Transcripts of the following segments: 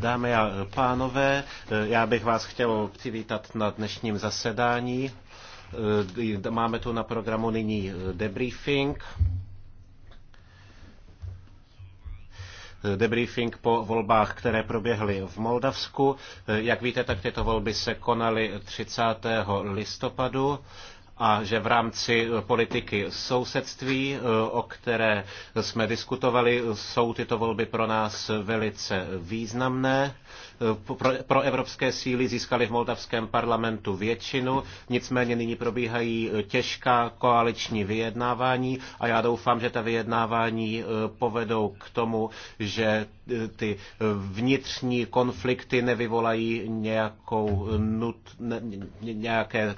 Dámy a pánové, já bych vás chtěl přivítat na dnešním zasedání. Máme tu na programu nyní debriefing. debriefing po volbách, které proběhly v Moldavsku. Jak víte, tak tyto volby se konaly 30. listopadu a že v rámci eh, politiky sousedství, eh, o které jsme diskutovali, jsou tyto volby pro nás velice významné Eh, pro evropské síly získaly v moldavském parlamentu většinu, nicméně nyní probíhají eh, těžká koaliční vyjednávání a já doufám, že ta vyjednávání eh, povedou k tomu, že ty vnitřní konflikty nevyvolají nějakou nut, nějaké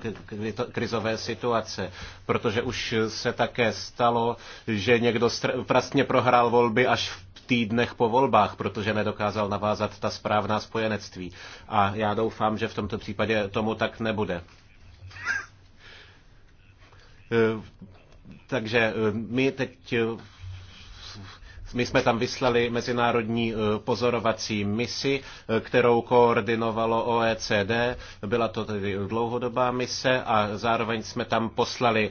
krizové situace, protože už se také stalo, že někdo vlastně prohrál volby až v týdnech po volbách, protože nedokázal navázat ta správná spojenectví. A já doufám, že v tomto případě tomu tak nebude. E, takže e, my teď e, my jsme tam vyslali mezinárodní pozorovací misi, kterou koordinovalo OECD. Byla to tedy dlouhodobá mise a zároveň jsme tam poslali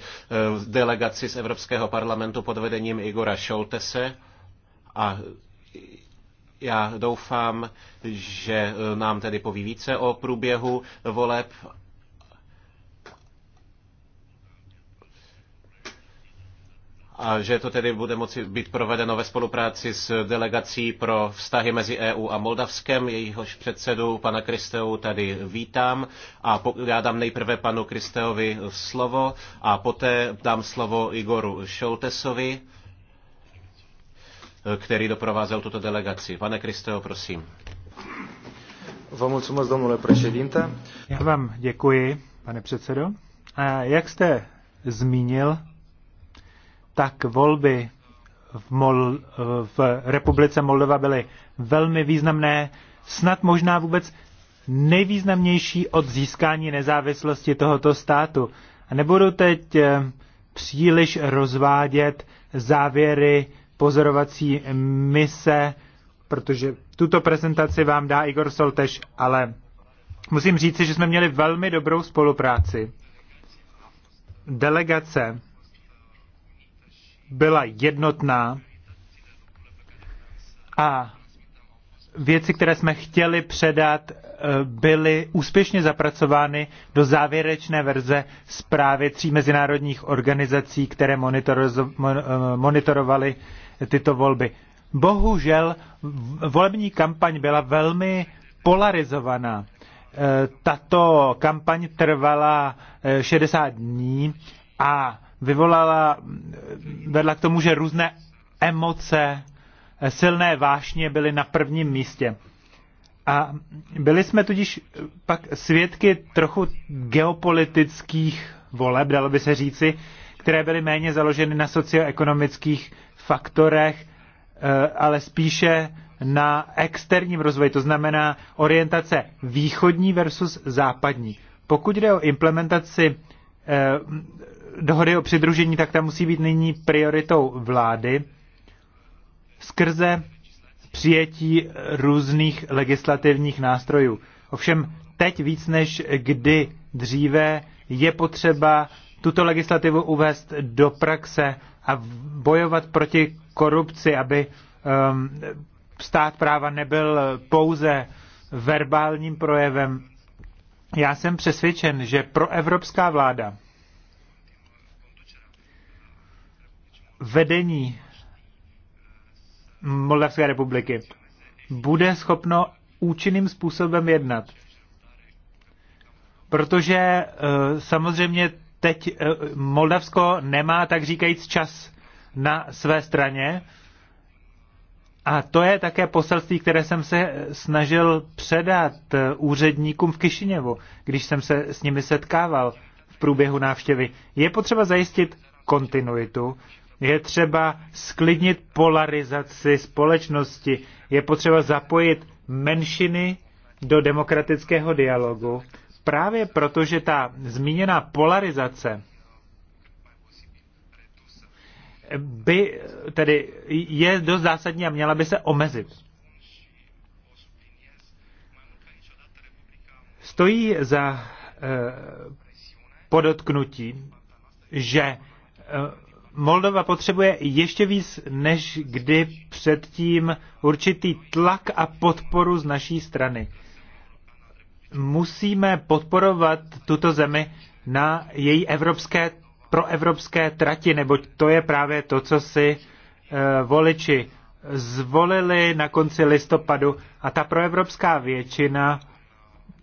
delegaci z Evropského parlamentu pod vedením Igora Šoltese a já doufám, že nám tedy poví více o průběhu voleb a že to tedy bude moci být provedeno ve spolupráci s delegací pro vztahy mezi EU a Moldavskem. Jejíhož předsedu pana Kristeu tady vítám a já dám nejprve panu Kristeovi slovo a poté dám slovo Igoru Šoltesovi který doprovázel tuto delegaci. Pane Kristeo, prosím. Já vám děkuji, pane předsedo. A jak jste zmínil, tak volby v, Mol, v republice Moldova byly velmi významné, snad možná vůbec nejvýznamnější od získání nezávislosti tohoto státu. A nebudu teď eh, příliš rozvádět závěry pozorovací mise, protože tuto prezentaci vám dá Igor Soltež, ale musím říci, že jsme měli velmi dobrou spolupráci. Delegace byla jednotná a věci, které jsme chtěli předat, eh, byly úspěšně zapracovány do závěrečné verze zprávy tří mezinárodních organizací, které eh, monitorovaly tyto volby. Bohužel volební kampaň byla velmi polarizovaná. E, tato kampaň trvala 60 e, dní a vyvolala, vedla k tomu, že různé emoce, e, silné vášně byly na prvním místě. A byli jsme tudíž pak svědky trochu geopolitických voleb, dalo by se říci, které byly méně založeny na socioekonomických faktorech, eh, ale spíše na externím rozvoji, to znamená orientace východní versus západní. Pokud jde o implementaci eh, dohody o přidružení, tak ta musí být nyní prioritou vlády skrze přijetí různých legislativních nástrojů. Ovšem teď víc než kdy dříve je potřeba tuto legislativu uvést do praxe a bojovat proti korupci, aby um, stát práva nebyl pouze verbálním projevem. Já jsem přesvědčen, že pro evropská vláda vedení Moldavské republiky bude schopno účinným způsobem jednat. Protože eh, samozřejmě teď eh, Moldavsko nemá, tak říkajíc, čas na své straně. A to je také poselství, které jsem se snažil předat eh, úředníkům v Kišiněvu, když jsem se s nimi setkával v průběhu návštěvy. Je potřeba zajistit kontinuitu, je třeba sklidnit polarizaci společnosti, je potřeba zapojit menšiny do demokratického dialogu právě proto, že ta zmíněná polarizace by tedy je dost zásadní a měla by se omezit. Stojí za eh, podotknutí, že eh, Moldova potřebuje ještě víc než kdy předtím určitý tlak a podporu z naší strany musíme podporovat tuto zemi na její evropské, proevropské trati, neboť to je právě to, co si eh, voliči zvolili na konci listopadu a ta proevropská většina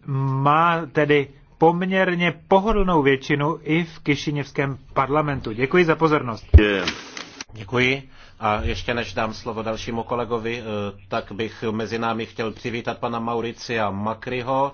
má tedy poměrně pohodlnou většinu i v Kišiněvském parlamentu. Děkuji za pozornost. Děkuji. A ještě než dám slovo dalšímu kolegovi, eh, tak bych mezi námi chtěl přivítat pana Mauricia Makryho,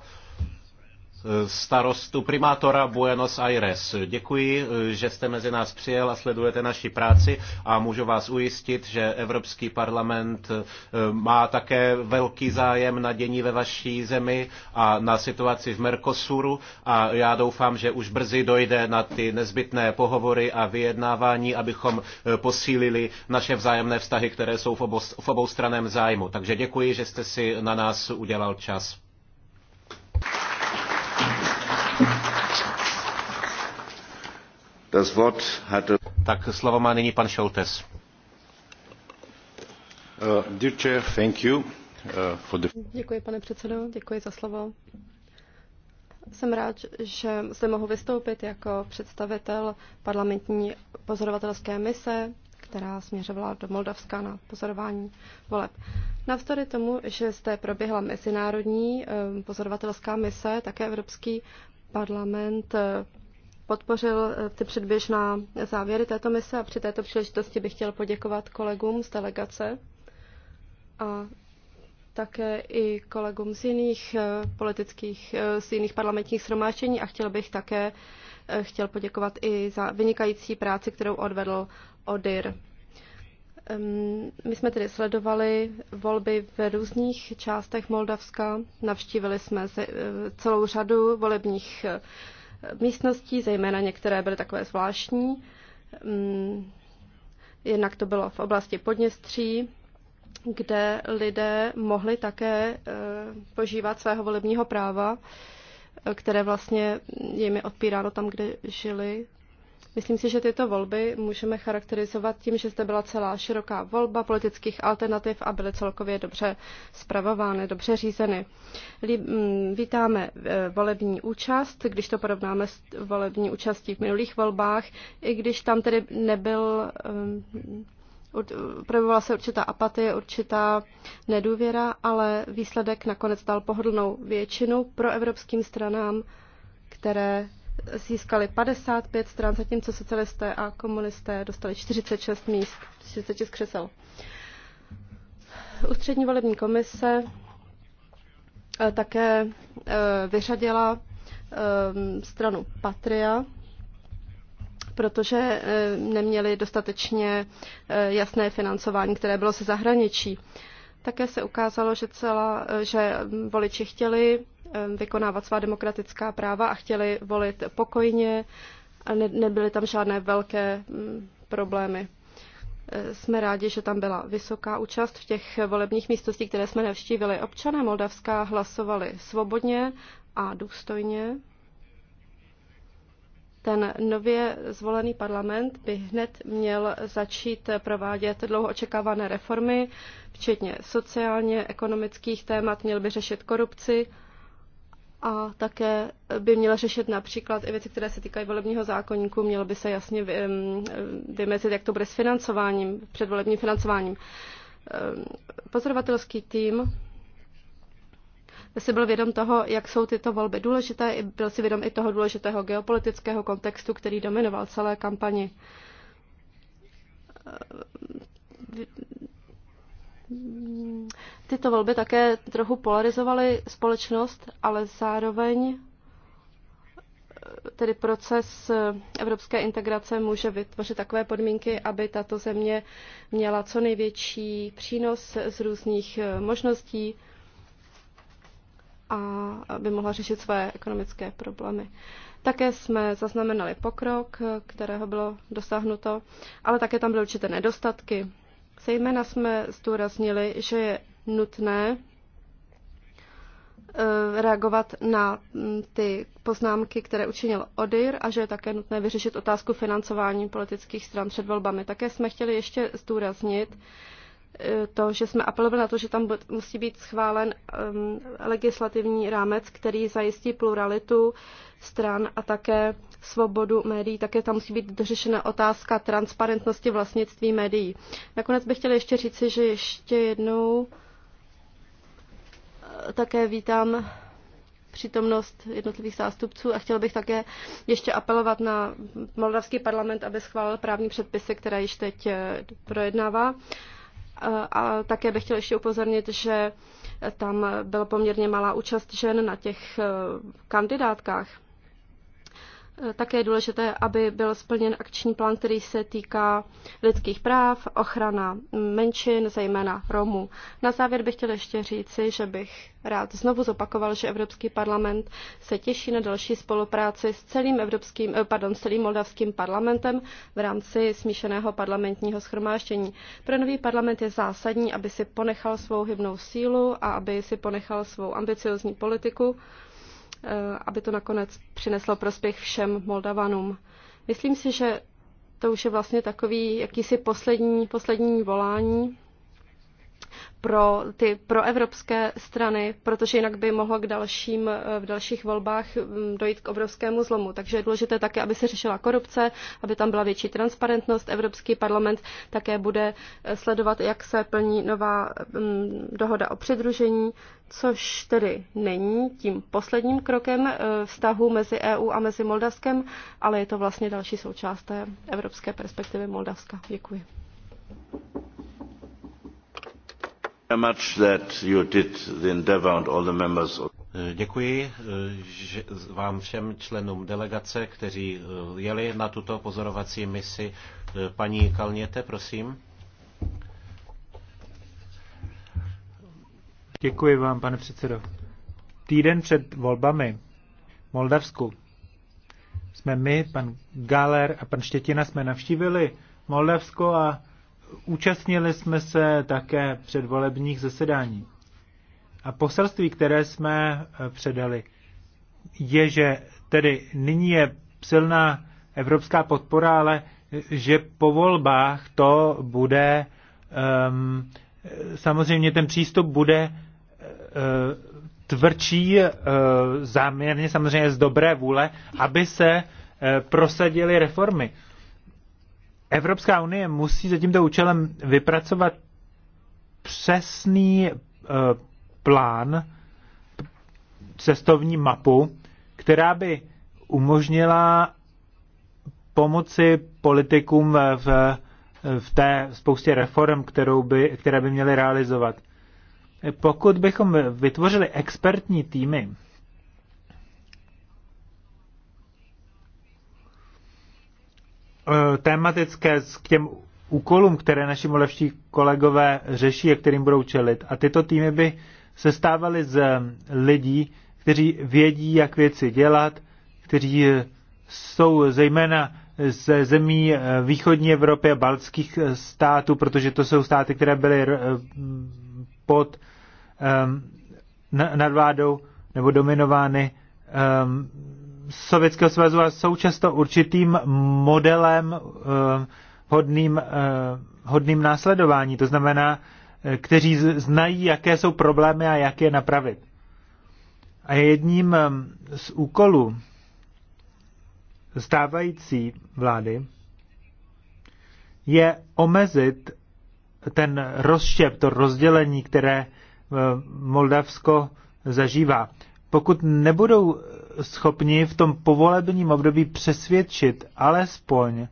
starostu primátora Buenos Aires. Děkuji, že jste mezi nás přijel a sledujete naši práci a můžu vás ujistit, že Evropský parlament eh, má také velký zájem na dění ve vaší zemi a na situaci v Mercosuru a já doufám, že už brzy dojde na ty nezbytné pohovory a vyjednávání, abychom eh, posílili naše vzájemné vztahy, které jsou v, obou, v oboustraném zájmu. Takže děkuji, že jste si na nás udělal čas. Das Wort hatte... Tak slovo má nyní pan Šoltes. Uh, chair, thank you, uh, for the... Děkuji, pane předsedo, děkuji za slovo. Jsem rád, že zde mohu vystoupit jako představitel parlamentní pozorovatelské mise, která směřovala do Moldavska na pozorování voleb. Navzdory tomu, že zde proběhla mezinárodní eh, pozorovatelská mise, také Evropský parlament eh, podpořil eh, ty předběžná závěry této mise a při této příležitosti bych chtěl poděkovat kolegům z delegace a také i kolegům z jiných eh, politických, eh, z jiných parlamentních shromáždění a chtěl bych také chtěl poděkovat i za vynikající práci, kterou odvedl ODIR. My jsme tedy sledovali volby v různých částech Moldavska, navštívili jsme celou řadu volebních místností, zejména některé byly takové zvláštní. Mm, jednak to bylo v oblasti Podněstří, kde lidé mohli také eh, požívat svého volebního práva, eh, které vlastně je mi odpíráno tam, kde žili. Myslím si, že tyto volby můžeme charakterizovat tím, že zde byla celá široká volba politických alternativ a byly celkově dobře zpravovány, dobře řízeny. Mm, vítáme eh, volební účast, když to porovnáme s volební účastí v minulých volbách, i když tam tedy nebyl eh, projevovala se určitá apatie, určitá nedůvěra, ale výsledek nakonec dal pohodlnou většinu pro evropským stranám, které získali 55 stran, zatímco socialisté a komunisté dostali 46 míst, 46 křesel. Ústřední volební komise eh, také eh, vyřadila eh, stranu Patria, protože neměli dostatečně jasné financování, které bylo se zahraničí. Také se ukázalo, že, celá, že voliči chtěli Eh, vykonávat svá demokratická práva a chtěli volit pokojně a ne, nebyly tam žádné velké mm, problémy. Eh, jsme rádi, že tam byla vysoká účast v těch volebních místností, které jsme navštívili. Občané Moldavská hlasovali svobodně a důstojně. Ten nově zvolený parlament by hned měl začít provádět dlouho očekávané reformy, včetně sociálně-ekonomických témat, měl by řešit korupci a také by měla řešit například i věci, které se týkají volebního zákonníku, mělo by se jasně vymezit, jak to bude s financováním, předvolebním financováním. Pozorovatelský tým si byl vědom toho, jak jsou tyto volby důležité, byl si vědom i toho důležitého geopolitického kontextu, který dominoval celé kampani tyto volby také trochu polarizovaly společnost, ale zároveň eh, tedy proces eh, evropské integrace může vytvořit takové podmínky, aby tato země měla co největší přínos z různých eh, možností a aby mohla řešit své ekonomické problémy. Také jsme zaznamenali pokrok, kterého bylo dosáhnuto, ale také tam byly určité nedostatky. Zejména jsme zdůraznili, že je nutné eh, reagovat na mm, ty poznámky, které učinil Odir a že je také nutné vyřešit otázku financování politických stran před volbami. Také jsme chtěli ještě zdůraznit, to, že jsme apelovali na to, že tam musí být schválen um, legislativní rámec, který zajistí pluralitu stran a také svobodu médií. Také tam musí být dořešena otázka transparentnosti vlastnictví médií. Nakonec bych chtěla ještě říci, že ještě jednou eh, také vítám přítomnost jednotlivých zástupců a chtěl bych také ještě apelovat na moldavský parlament, aby schválil právní předpisy, které již teď eh, projednává. A také bych chtěl ještě upozornit, že tam byla poměrně malá účast žen na těch eh, kandidátkách. Eh, také je důležité, aby byl splněn akční plán, který se týká lidských práv, ochrana menšin, zejména Romů. Na závěr bych chtěl ještě říci, že bych rád znovu zopakoval, že Evropský parlament se těší na další spolupráci s celým, evropským, eh, pardon, s celým moldavským parlamentem v rámci smíšeného parlamentního schromáždění. Pro nový parlament je zásadní, aby si ponechal svou hybnou sílu a aby si ponechal svou ambiciozní politiku, Eh, aby to nakonec přineslo prospěch všem Moldavanům. Myslím si, že to už je vlastně takový jakýsi poslední, poslední volání pro ty proevropské strany, protože jinak by mohlo k dalším, v dalších volbách dojít k obrovskému zlomu. Takže je důležité také, aby se řešila korupce, aby tam byla větší transparentnost. Evropský parlament také bude e, sledovat, jak se plní nová dohoda o přidružení, což tedy není tím posledním krokem e, vztahu mezi EU a mezi Moldavskem, ale je to vlastně další součást té evropské perspektivy Moldavska. Děkuji. Děkuji vám všem členům delegace, kteří eh, jeli na tuto pozorovací misi. Eh, paní Kalněte, prosím. Děkuji vám, pane předsedo. Týden před volbami v Moldavsku jsme my, pan Galer a pan Štětina jsme navštívili Moldavsko a účastnili jsme se také předvolebních zasedání. A poselství, které jsme eh, předali, je, že tedy nyní je silná evropská podpora, ale eh, že po volbách to bude, um, samozřejmě ten přístup bude uh, tvrdší uh, záměrně samozřejmě z dobré vůle, aby se uh, prosadily reformy. Evropská unie musí za tímto účelem vypracovat přesný eh, plán, cestovní mapu, která by umožnila pomoci politikům v, v té spoustě reform, kterou by, které by měly realizovat. Pokud bychom vytvořili expertní týmy, Eh, tématické s těm úkolům, které naši molevští kolegové řeší a kterým budou čelit. A tyto týmy by se stávaly z eh, lidí, kteří vědí, jak věci dělat, kteří eh, jsou zejména ze zemí východní Evropy a baltských států, protože to jsou státy, které byly pod nadvádou nebo dominovány Sovětského svazu a jsou často určitým modelem eh, hodným, eh, hodným následování. To znamená, eh, kteří znají, jaké jsou problémy a jak je napravit. A jedním z úkolů stávající vlády je omezit ten rozštěp, to rozdělení, které Moldavsko zažívá. Pokud nebudou schopni v tom povolebním období přesvědčit alespoň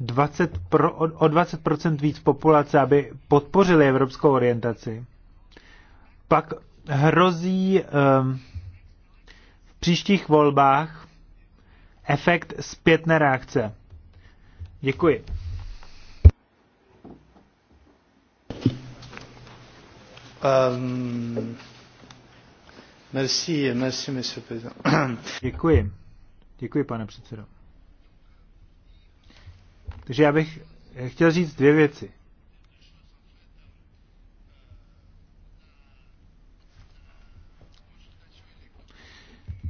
20 pro, o 20% víc populace, aby podpořili evropskou orientaci, pak hrozí um, v příštích volbách efekt zpětné reakce. Děkuji. Um... Děkuji. Děkuji, pane předsedo. Takže já bych eh, chtěl říct dvě věci.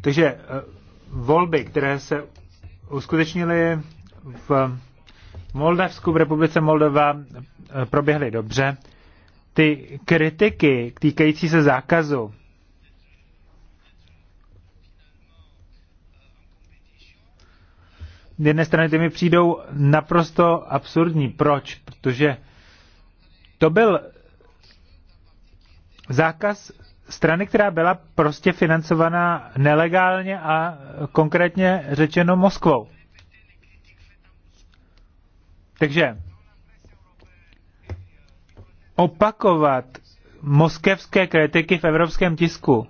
Takže eh, volby, které se uskutečnily v Moldavsku, v republice Moldova, eh, proběhly dobře. Ty kritiky týkající se zákazu jedné strany ty mi přijdou naprosto absurdní. Proč? Protože to byl zákaz strany, která byla prostě financovaná nelegálně a konkrétně řečeno Moskvou. Takže opakovat moskevské kritiky v evropském tisku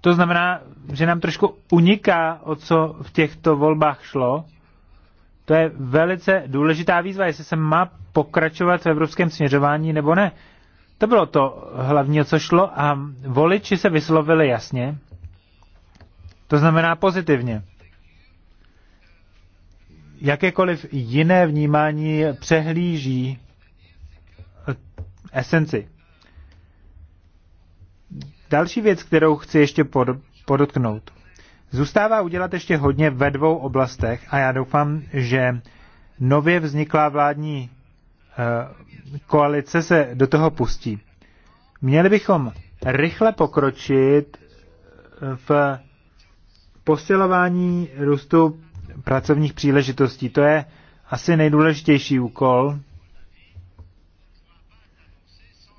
To znamená, že nám trošku uniká, o co v těchto volbách šlo. To je velice důležitá výzva, jestli se má pokračovat v evropském směřování nebo ne. To bylo to hlavní, o co šlo a voliči se vyslovili jasně. To znamená pozitivně. Jakékoliv jiné vnímání přehlíží esenci. Další věc, kterou chci ještě podotknout. Zůstává udělat ještě hodně ve dvou oblastech a já doufám, že nově vzniklá vládní eh, koalice se do toho pustí. Měli bychom rychle pokročit eh, v posilování růstu pracovních příležitostí. To je asi nejdůležitější úkol.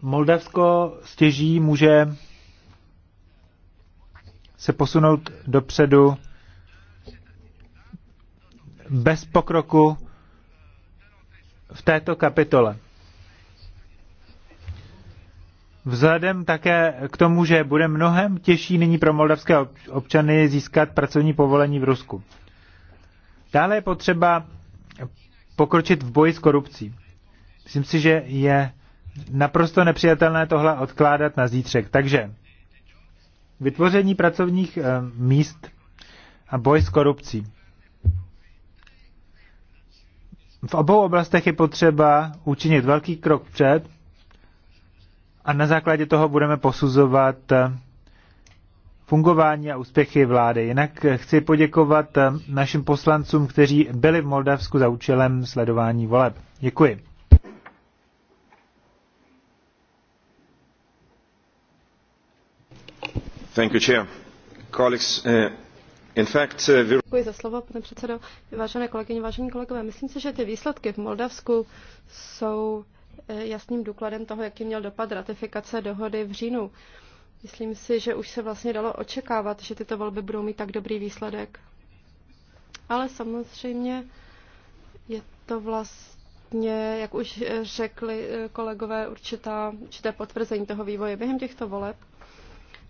Moldavsko stěží může se posunout dopředu bez pokroku v této kapitole. Vzhledem také k tomu, že bude mnohem těžší nyní pro moldavské občany získat pracovní povolení v Rusku. Dále je potřeba pokročit v boji s korupcí. Myslím si, že je naprosto nepřijatelné tohle odkládat na zítřek. Takže vytvoření pracovních eh, míst a boj s korupcí. V obou oblastech je potřeba učinit velký krok před a na základě toho budeme posuzovat eh, fungování a úspěchy vlády. Jinak eh, chci poděkovat našim poslancům, kteří byli v Moldavsku za účelem sledování voleb. Děkuji. Uh, uh, Děkuji za slovo, pane předsedo. Vážené kolegyně, vážení kolegové, myslím si, že ty výsledky v Moldavsku jsou eh, jasným důkladem toho, jaký měl dopad ratifikace dohody v říjnu. Myslím si, že už se vlastně dalo očekávat, že tyto volby budou mít tak dobrý výsledek. Ale samozřejmě je to vlastně, jak už řekli eh, kolegové, určitá, určité potvrzení toho vývoje během těchto voleb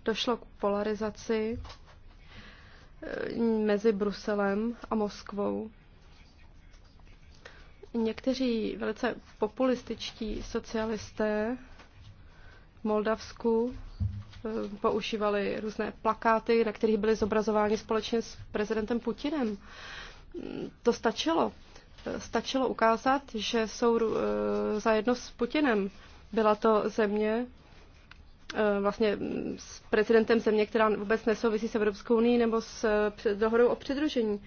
došlo k polarizaci eh, mezi Bruselem a Moskvou. Někteří velice populističtí socialisté v Moldavsku eh, používali různé plakáty, na kterých byly zobrazováni společně s prezidentem Putinem. To stačilo. Eh, stačilo ukázat, že jsou zajedno s Putinem. Byla to země, Eh, vlastně s prezidentem země, která vůbec nesouvisí s Evropskou unii nebo s eh, dohodou o přidružení.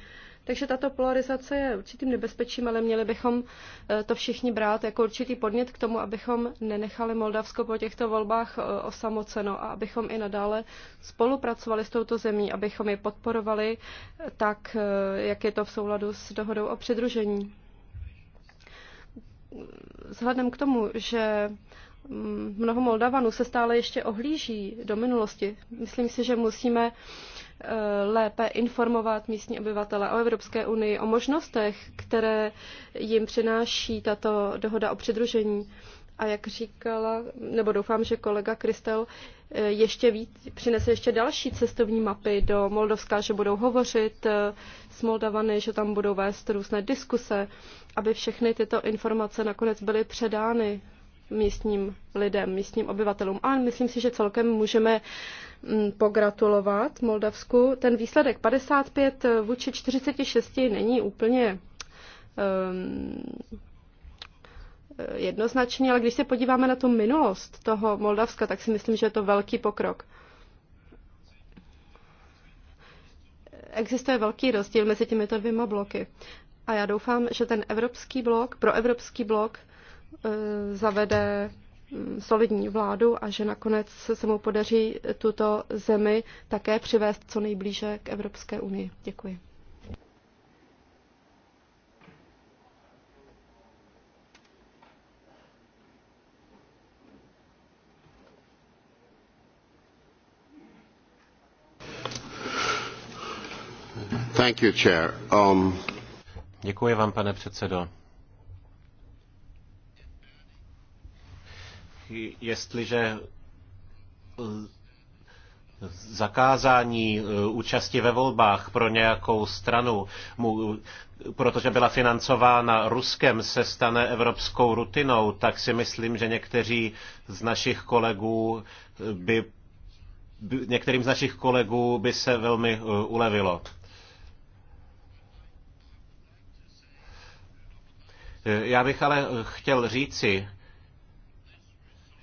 Takže tato polarizace je určitým nebezpečím, ale měli bychom eh, to všichni brát jako určitý podnět k tomu, abychom nenechali Moldavsko po těchto volbách osamoceno a abychom i nadále spolupracovali s touto zemí, abychom je podporovali tak, jak je to v souladu s dohodou o přidružení. Vzhledem k tomu, že Mm, mnoho Moldavanů se stále ještě ohlíží do minulosti. Myslím si, že musíme eh, lépe informovat místní obyvatele o Evropské unii, o možnostech, které jim přináší tato dohoda o přidružení. A jak říkala, nebo doufám, že kolega Kristel eh, ještě víc, přinese ještě další cestovní mapy do Moldovska, že budou hovořit eh, s Moldavany, že tam budou vést různé diskuse, aby všechny tyto informace nakonec byly předány místním lidem, místním obyvatelům. A myslím si, že celkem můžeme mm, pogratulovat Moldavsku. Ten výsledek 55 vůči 46 není úplně um, jednoznačný, ale když se podíváme na tu minulost toho Moldavska, tak si myslím, že je to velký pokrok. Existuje velký rozdíl mezi těmito dvěma bloky. A já doufám, že ten evropský blok, proevropský blok, Eh, zavede hm, solidní vládu a že nakonec se mu podaří tuto zemi také přivést co nejblíže k Evropské unii. Děkuji. Thank you, chair. Um... Děkuji vám, pane předsedo. jestliže eh, zakázání eh, účasti ve volbách pro nějakou stranu, protože byla financována Ruskem, se stane evropskou rutinou, tak si myslím, že někteří z našich kolegů eh, by, některým z našich kolegů by se velmi ulevilo. Já bych ale chtěl říci,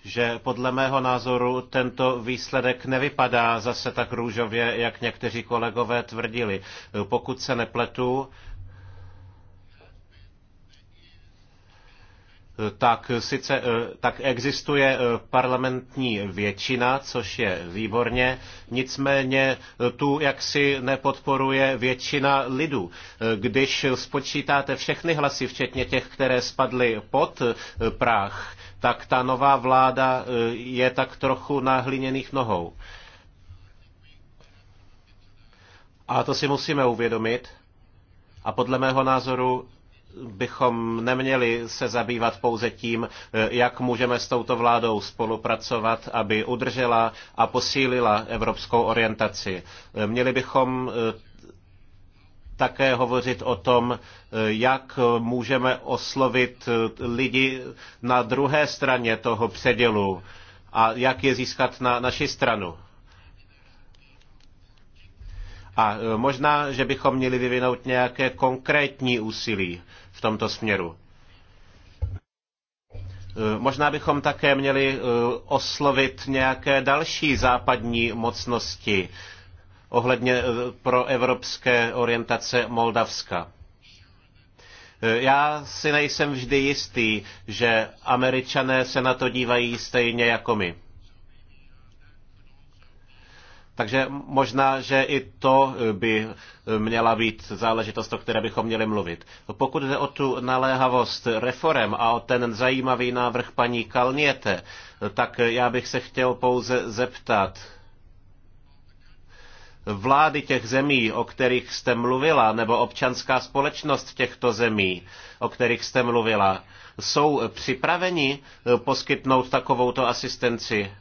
že podle mého názoru tento výsledek nevypadá zase tak růžově, jak někteří kolegové tvrdili. Pokud se nepletu, tak sice eh, tak existuje eh, parlamentní většina, což je výborně, nicméně eh, tu jaksi nepodporuje většina lidu. Když spočítáte všechny hlasy, včetně těch, které spadly pod práh, tak ta nová vláda je tak trochu na hliněných nohou. A to si musíme uvědomit. A podle mého názoru bychom neměli se zabývat pouze tím, jak můžeme s touto vládou spolupracovat, aby udržela a posílila evropskou orientaci. Měli bychom eh, také hovořit o tom, eh, jak můžeme oslovit eh, lidi na druhé straně toho předělu a jak je získat na naši stranu. A e, možná, že bychom měli vyvinout nějaké konkrétní úsilí v tomto směru. E, možná bychom také měli e, oslovit nějaké další západní mocnosti ohledně proevropské orientace Moldavska. Já si nejsem vždy jistý, že američané se na to dívají stejně jako my. Takže možná, že i to by měla být záležitost, o které bychom měli mluvit. Pokud jde o tu naléhavost reform a o ten zajímavý návrh paní Kalniete, tak já bych se chtěl pouze zeptat. Vlády těch zemí, o kterých jste mluvila, nebo občanská společnost těchto zemí, o kterých jste mluvila, jsou připraveni poskytnout takovouto asistenci?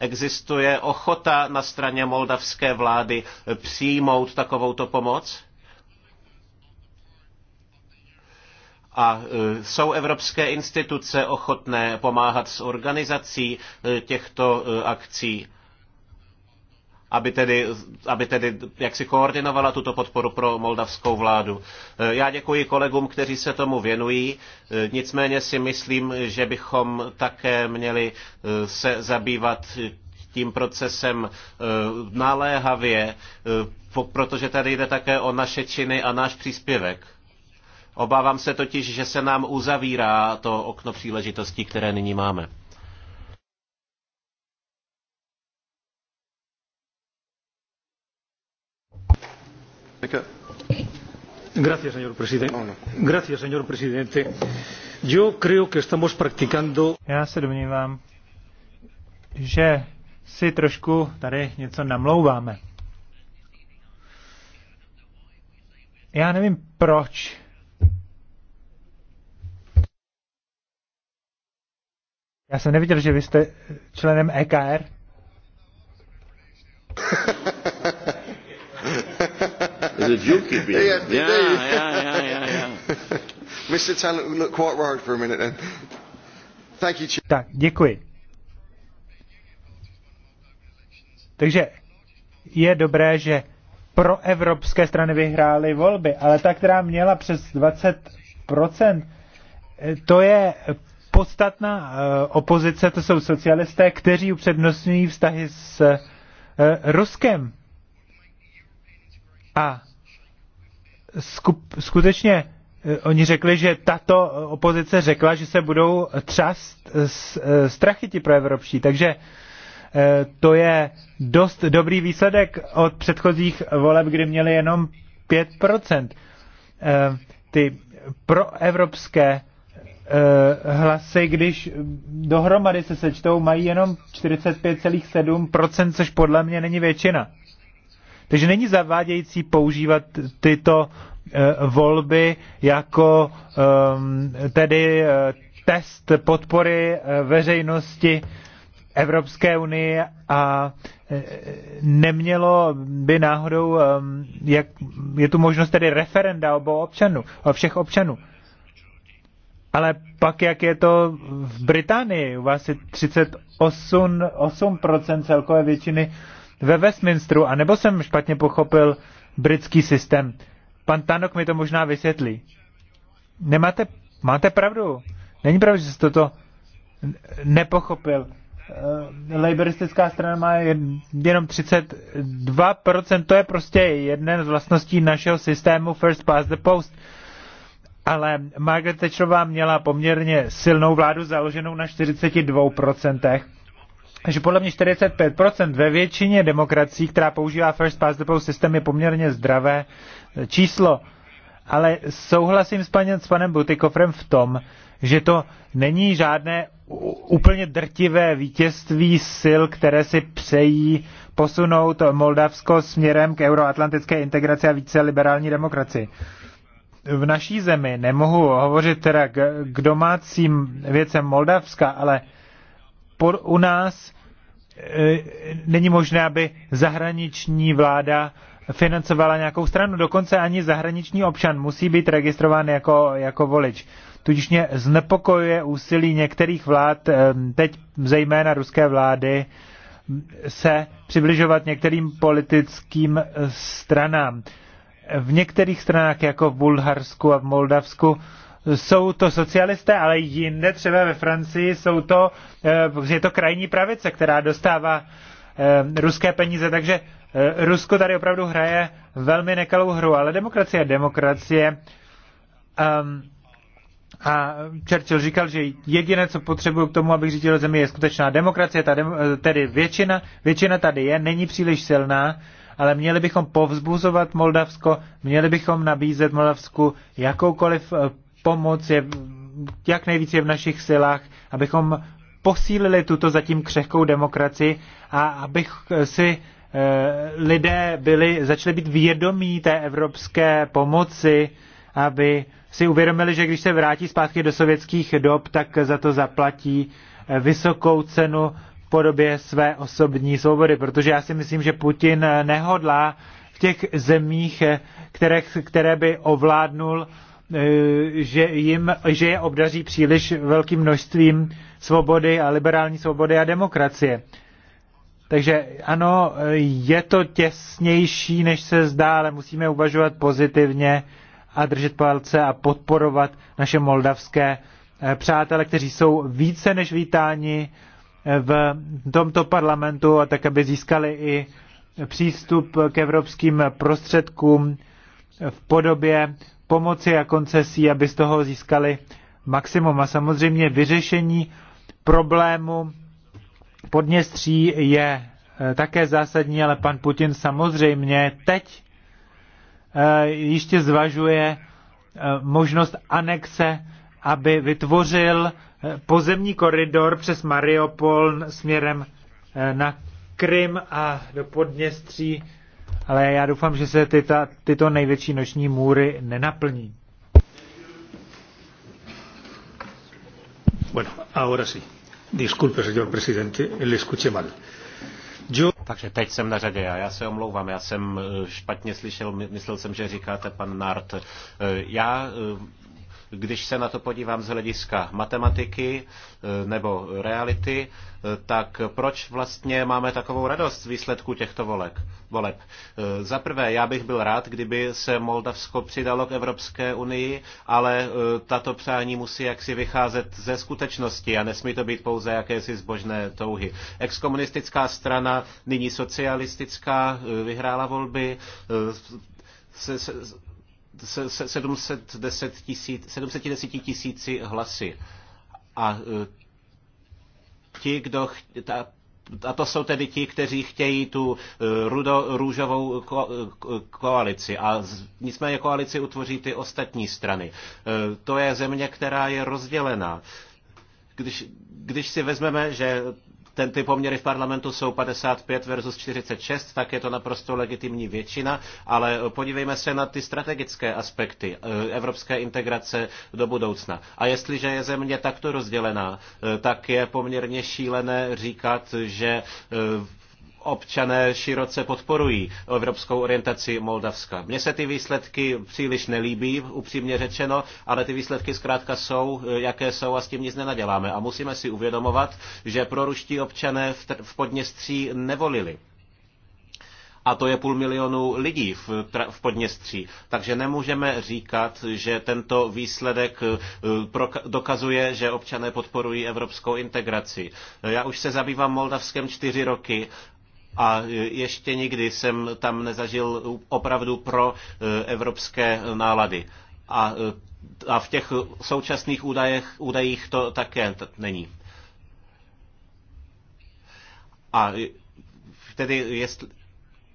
Existuje ochota na straně moldavské vlády přijmout takovouto pomoc? A e, jsou evropské instituce ochotné pomáhat s organizací e, těchto e, akcí? aby tedy, aby tedy jak si koordinovala tuto podporu pro moldavskou vládu. E, já děkuji kolegům, kteří se tomu věnují, e, nicméně si myslím, že bychom také měli e, se zabývat tím procesem naléhavě, protože tady jde také o naše činy a náš příspěvek. Obávám se totiž, že se nám uzavírá to okno příležitostí, které nyní máme. Oh, no. Já se domnívám, že si trošku tady něco namlouváme. Já nevím proč. Já jsem neviděl, že vy jste členem EKR. the Duke he'd be. yeah, yeah, yeah, yeah, yeah. Mr. Talent look quite worried for a minute then. Thank you, Chief. Tak, děkuji. Takže je dobré, že pro evropské strany vyhrály volby, ale ta, která měla přes 20%, to je podstatná eh, opozice, to jsou socialisté, kteří upřednostňují vztahy s eh, Ruskem. A skutečně eh, oni řekli, že tato eh, opozice řekla, že se budou třást eh, strachyti pro evropští. Takže to je dost dobrý výsledek od předchozích voleb, kdy měli jenom 5%. Ty proevropské hlasy, když dohromady se sečtou, mají jenom 45,7%, což podle mě není většina. Takže není zavádějící používat tyto eh, volby jako ehm, tedy eh, test podpory eh, veřejnosti Evropské unie a nemělo by náhodou, ehm, jak je tu možnost tedy referenda obou občanů, o všech občanů. Ale pak, jak je to v Británii, u vás je 38% celkové většiny ve Westminsteru, anebo jsem špatně pochopil britský systém. Pan Tanok mi to možná vysvětlí. Nemáte, máte pravdu. Není pravda, že jste to nepochopil. Uh, Laboristická strana má jenom 32%, to je prostě jedna z vlastností našeho systému First Past the Post. Ale Margaret Thatcherová měla poměrně silnou vládu založenou na 42% že podle mě 45% ve většině demokracií, která používá first past the post systém, je poměrně zdravé eh, číslo. Ale souhlasím s, panem, s panem Butikofrem v tom, že to není žádné úplně drtivé vítězství sil, které si přejí posunout Moldavsko směrem k euroatlantické integraci a více liberální demokracii. V naší zemi nemohu hovořit teda k, k domácím věcem Moldavska, ale uh, u nás e, není možné, aby zahraniční vláda financovala nějakou stranu, dokonce ani zahraniční občan musí být registrován jako, jako volič. Tudíž mě znepokojuje úsilí některých vlád, e, teď zejména ruské vlády, se přibližovat některým politickým e, stranám. V některých stranách, jako v Bulharsku a v Moldavsku, jsou to socialisté, ale jinde, třeba ve Francii, jsou to, eh, je to krajní pravice, která dostává eh, ruské peníze, takže eh, Rusko tady opravdu hraje velmi nekalou hru, ale demokracie je demokracie. Um, a Churchill říkal, že jediné, co potřebuju k tomu, abych řídil zemi, je skutečná demokracie, ta dem, tedy většina, většina tady je, není příliš silná, ale měli bychom povzbuzovat Moldavsko, měli bychom nabízet Moldavsku jakoukoliv pomoc je jak nejvíc je v našich silách, abychom posílili tuto zatím křehkou demokracii a abych si eh, lidé byli, začali být vědomí té evropské pomoci, aby si uvědomili, že když se vrátí zpátky do sovětských dob, tak za to zaplatí eh, vysokou cenu v podobě své osobní svobody, protože já si myslím, že Putin nehodlá v těch zemích, eh, které, které by ovládnul, E, že, jim, že je obdaří příliš velkým množstvím svobody a liberální svobody a demokracie. Takže ano, je to těsnější, než se zdá, ale musíme uvažovat pozitivně a držet palce a podporovat naše moldavské e, přátele, kteří jsou více než vítáni e, v tomto parlamentu a tak, aby získali i přístup k evropským prostředkům v podobě pomoci a koncesí, aby z toho získali maximum. A samozřejmě vyřešení problému Podněstří je eh, také zásadní, ale pan Putin samozřejmě teď eh, ještě zvažuje eh, možnost anexe, aby vytvořil pozemní koridor přes Mariupol směrem na Krym a do Podněstří ale já doufám, že se ty ta, tyto největší noční můry nenaplní. Bueno, ahora sí. Disculpe, señor presidente, le escuché mal. Yo... Takže teď jsem na řadě já. Já se omlouvám, já jsem eh, špatně slyšel, myslel jsem, že říkáte pan Nart. Eh, já eh, když se na to podívám z hlediska matematiky e, nebo reality, e, tak proč vlastně máme takovou radost z výsledku těchto volek, voleb? E, za prvé, já bych byl rád, kdyby se Moldavsko přidalo k Evropské unii, ale tato přání musí jaksi vycházet ze skutečnosti a nesmí to být pouze jakési zbožné touhy. Exkomunistická strana, nyní socialistická, vyhrála volby, se, se, 710 tisíc, 710 tisíci hlasy. A e, ti, kdo, ta, a to jsou tedy ti, kteří chtějí tu e, rudo-růžovou e, ko, koalici. A nicméně koalici utvoří ty ostatní strany. To je země, která je rozdělená. Když, když si vezmeme, že ten, ty poměry v parlamentu jsou 55 versus 46, tak je to naprosto legitimní většina, ale podívejme se na ty strategické aspekty eh, evropské integrace do budoucna. A jestliže je země takto rozdělená, eh, tak je poměrně šílené říkat, že eh, občané široce podporují evropskou orientaci Moldavska. Mně se ty výsledky příliš nelíbí, upřímně řečeno, ale ty výsledky zkrátka jsou, jaké jsou a s tím nic nenaděláme. A musíme si uvědomovat, že proruští občané v Podněstří nevolili a to je půl milionu lidí v, v Podněstří. Takže nemůžeme říkat, že tento výsledek eh, dokazuje, že občané podporují evropskou integraci. Já už se zabývám Moldavskem čtyři roky a ještě nikdy jsem tam nezažil opravdu pro e, evropské nálady. A, e, a v těch současných údajech, údajích to také není. A e, tedy jestli,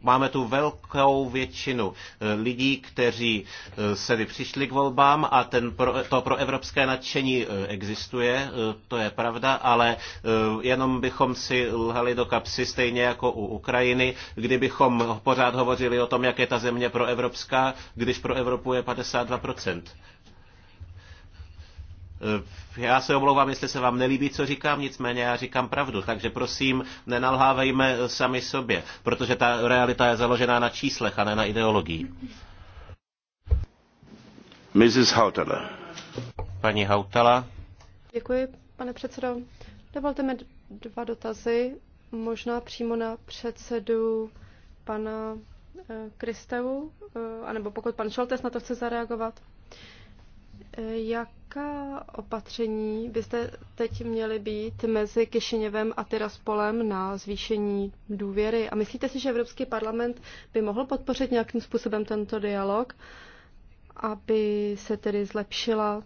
Máme tu velkou většinu eh, lidí, kteří eh, se přišli k volbám a ten pro, to pro evropské nadšení eh, existuje, to je pravda, ale jenom bychom si lhali do kapsy stejně jako u Ukrajiny, kdybychom pořád hovořili o tom, jak je ta země pro evropská, když pro Evropu je 52%. Eh, já se omlouvám, jestli se vám nelíbí, co říkám, nicméně já říkám pravdu. Takže prosím, nenalhávejme eh, sami sobě, protože ta realita je založená na číslech a ne na ideologii. Mrs. Hautala. Paní Hautala. Děkuji, pane předsedo. Dovolte mi dva dotazy, možná přímo na předsedu pana eh, Kristevu, anebo pokud pan Šoltes na to chce zareagovat. Jaká opatření byste teď měli být mezi Kišiněvem a Tiraspolem na zvýšení důvěry? A myslíte si, že Evropský parlament by mohl podpořit nějakým způsobem tento dialog, aby se tedy zlepšila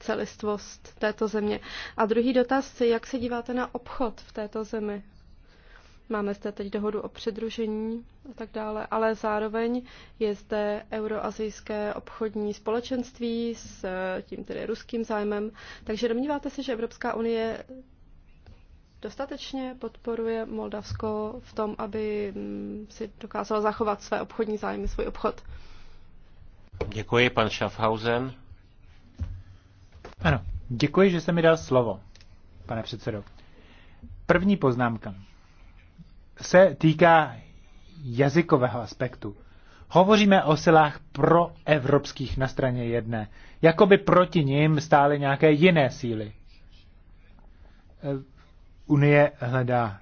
celistvost této země? A druhý dotaz, jak se díváte na obchod v této zemi? Máme zde teď dohodu o přidružení a tak dále, ale zároveň je zde euroazijské obchodní společenství s tím tedy ruským zájmem. Takže domníváte se, že Evropská unie dostatečně podporuje Moldavsko v tom, aby mm, si dokázala zachovat své obchodní zájmy, svůj obchod? Děkuji, pan Schaffhausen. Ano, děkuji, že jste mi dal slovo, pane předsedo. První poznámka se týká jazykového aspektu. Hovoříme o silách proevropských na straně jedné. Jakoby proti ním stály nějaké jiné síly. Eh, Unie hledá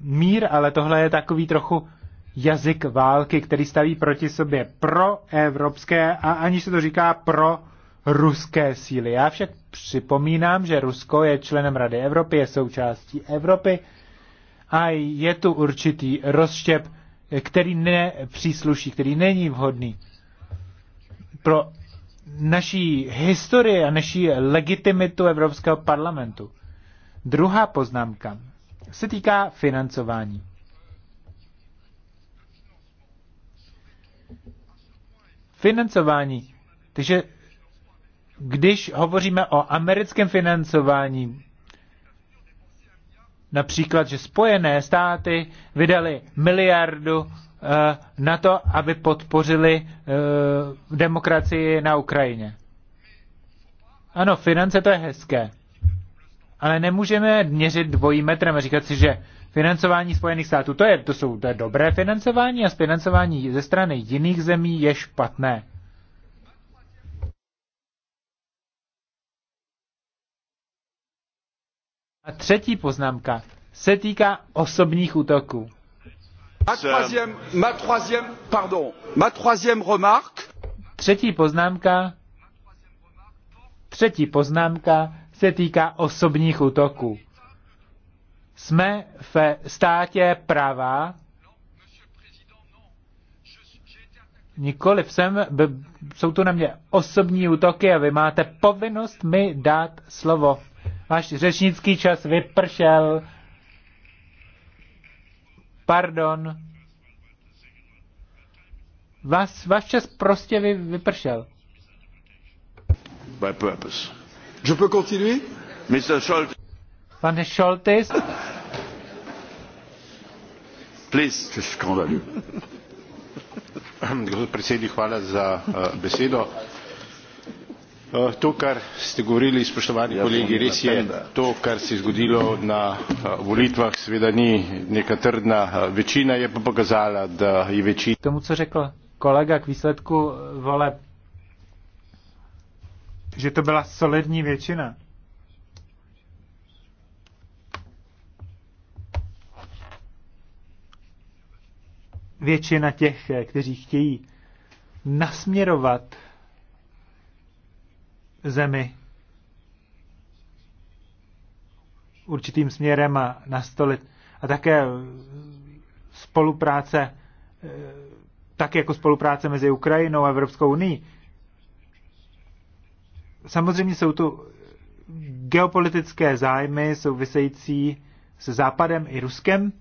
mír, ale tohle je takový trochu jazyk války, který staví proti sobě proevropské a ani se to říká pro ruské síly. Já však připomínám, že Rusko je členem Rady Evropy, je součástí Evropy, a je tu určitý rozštěp, který nepřísluší, který není vhodný pro naší historii a naší legitimitu Evropského parlamentu. Druhá poznámka se týká financování. Financování. Takže když hovoříme o americkém financování například, že Spojené státy vydali miliardu eh, na to, aby podpořili eh, demokracii na Ukrajině. Ano, finance to je hezké, ale nemůžeme měřit dvojím metrem a říkat si, že financování Spojených států to je, to jsou to je dobré financování a financování ze strany jiných zemí je špatné. A třetí poznámka se týká osobních útoků. Třetí poznámka, třetí poznámka se týká osobních útoků. Jsme v státě práva. Nikoliv jsem, jsou tu na mě osobní útoky a vy máte povinnost mi dát slovo. Váš řečnický čas vypršel. Pardon. Vás, váš čas prostě vy, vypršel. By purpose. Je peux continuer? Mr. Scholz. Pane Scholtes. Please. C'est scandaleux. Gospod predsednik, hvala za eh, besedo. Eh, to, kar ste govorili, spoštovani kolegi, res je to, kar se je zgodilo na eh, volitvah, seveda ni neka trdna eh, večina, je pa pokazala, da je večina. Tomu, co řekl kolega k výsledku voleb, že to byla solidní většina. Většina těch, kteří chtějí nasměrovat zemi určitým směrem nastolit. A také spolupráce, eh, tak jako spolupráce mezi Ukrajinou a Evropskou unii. Samozřejmě jsou tu geopolitické zájmy související se Západem i Ruskem.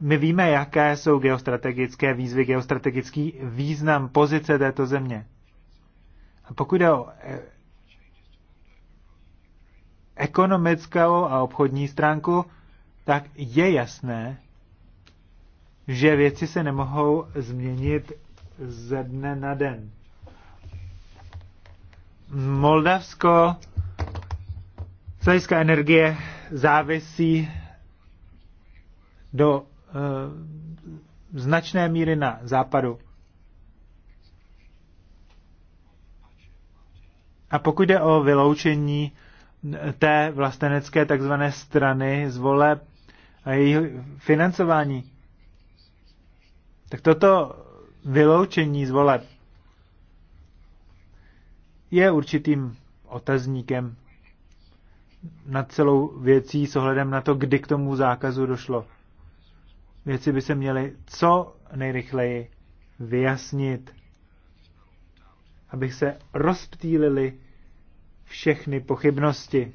My víme, jaké jsou geostrategické výzvy, geostrategický význam pozice této země. Pokud jde o eh, ekonomickou a obchodní stránku, tak je jasné, že věci se nemohou změnit ze dne na den. Moldavsko z hlediska energie závisí do uh, značné míry na západu. A pokud jde o vyloučení té vlastenecké takzvané strany z voleb a jejího financování, tak toto vyloučení z voleb je určitým otazníkem nad celou věcí s ohledem na to, kdy k tomu zákazu došlo. Věci by se měly co nejrychleji vyjasnit abych se rozptýlili všechny pochybnosti.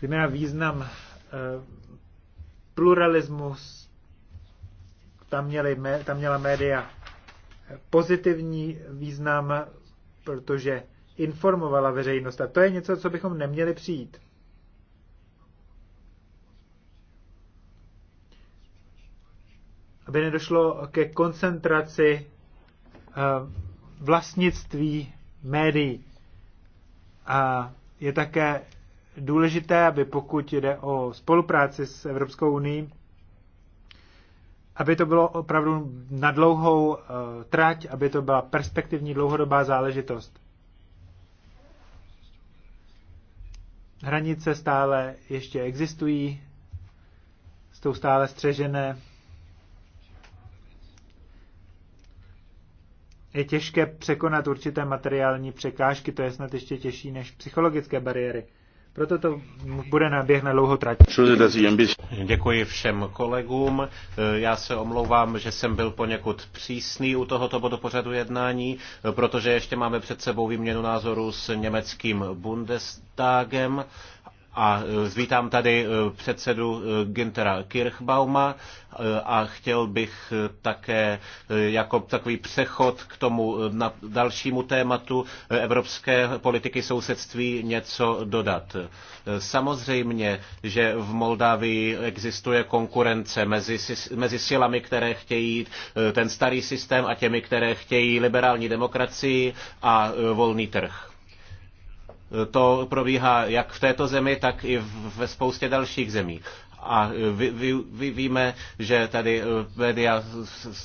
Zejména význam eh, pluralismus. tam, měli, tam měla média pozitivní význam, protože informovala veřejnost. A to je něco, co bychom neměli přijít. aby nedošlo ke koncentraci eh, vlastnictví médií. A je také důležité, aby pokud jde o spolupráci s Evropskou unii, aby to bylo opravdu na dlouhou eh, trať, aby to byla perspektivní dlouhodobá záležitost. Hranice stále ještě existují, jsou stále střežené je těžké překonat určité materiální překážky, to je snad ještě těžší než psychologické bariéry. Proto to bude naběh na dlouho trať. Děkuji všem kolegům. Já se omlouvám, že jsem byl poněkud přísný u tohoto bodu pořadu jednání, protože ještě máme před sebou výměnu názoru s německým Bundestagem. A e, vítám tady e, předsedu e, Gintera Kirchbauma a chtěl bych také jako takový přechod k tomu na dalšímu tématu evropské politiky sousedství něco dodat. Samozřejmě, že v Moldávii existuje konkurence mezi, mezi silami, které chtějí ten starý systém a těmi, které chtějí liberální demokracii a volný trh. To probíhá jak v této zemi, tak i ve spoustě dalších zemí a vy, vy, vy víme, že tady eh, média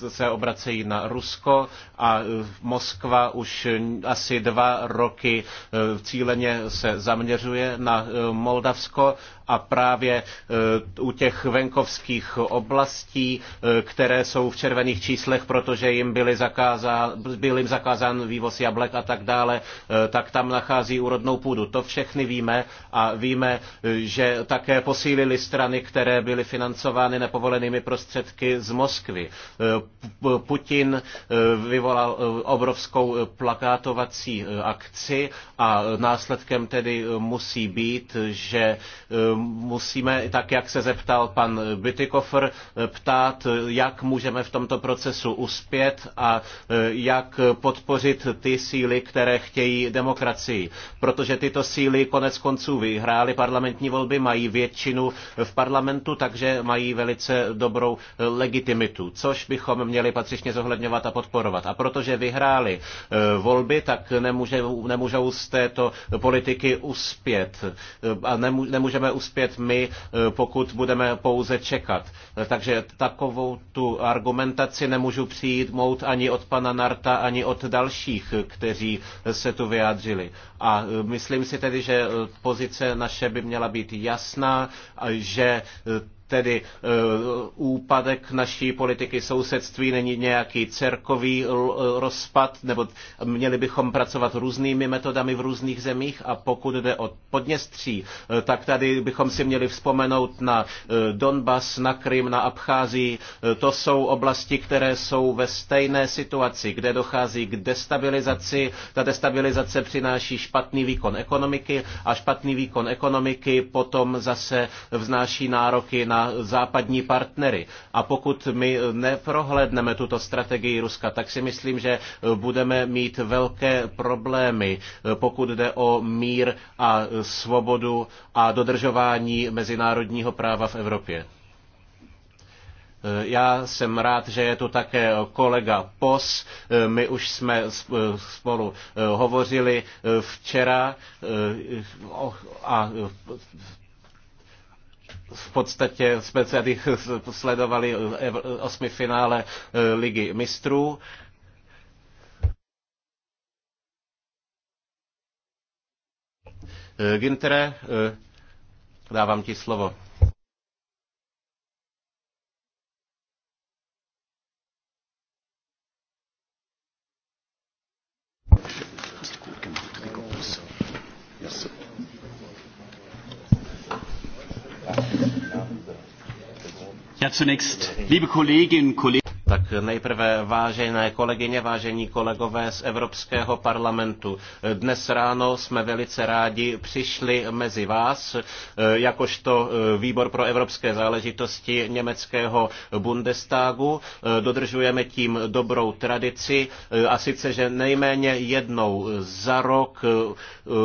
se obracejí na Rusko a eh, Moskva už eh, asi dva roky cíleně se zaměřuje na Moldavsko a právě e, u těch venkovských oblastí, e, které jsou v červených číslech, protože jim byly zakázán, byl jim zakázán vývoz jablek a tak dále, e, tak tam nachází úrodnou půdu. To všechny víme a víme, že také posílili strany, které byly financovány nepovolenými prostředky z Moskvy. Putin vyvolal obrovskou plakátovací akci a následkem tedy musí být, že musíme, tak jak se zeptal pan Bytykofer, ptát, jak můžeme v tomto procesu uspět a jak podpořit ty síly, které chtějí demokracii. Protože tyto síly konec konců vyhrály parlamentní volby, mají většinu v parlamentu, takže mají velice dobrou legitimitu, což bychom měli patřičně zohledňovat a podporovat. A protože vyhráli eh, volby, tak nemůžou, nemůžou z této politiky uspět eh, a nemůžeme uspět zpět my, eh, pokud budeme pouze čekat. Eh, takže takovou tu argumentaci nemůžu přijmout ani od pana Narta, ani od dalších, eh, kteří se tu vyjádřili. A myslím si tedy, že pozice naše by měla být jasná, že Tedy eh, úpadek naší politiky sousedství není nějaký cerkový eh, rozpad, nebo měli bychom pracovat různými metodami v různých zemích a pokud jde o Podněstří, eh, tak tady bychom si měli vzpomenout na Donbas, na Krym, na Abcházii. To jsou oblasti, které jsou ve stejné situaci, kde dochází k destabilizaci. Ta destabilizace přináší špatný výkon ekonomiky a špatný výkon ekonomiky potom zase vznáší nároky na na západní partnery. A pokud my neprohlédneme tuto strategii Ruska, tak si myslím, že budeme mít velké problémy, pokud jde o mír a svobodu a dodržování mezinárodního práva v Evropě. Já jsem rád, že je tu také kolega Pos. My už jsme spolu hovořili včera eh, a v podstatě jsme tady sledovali osmi finále eh, ligy mistrů. Eh, Gintere, eh, dávám ti slovo. Ja, zunächst, liebe Kolleginnen und Kollegen, tak nejprve vážené kolegyně, vážení kolegové z Evropského parlamentu. Dnes ráno jsme velice rádi přišli mezi vás, jakožto výbor pro evropské záležitosti německého Bundestagu. Dodržujeme tím dobrou tradici a sice, že nejméně jednou za rok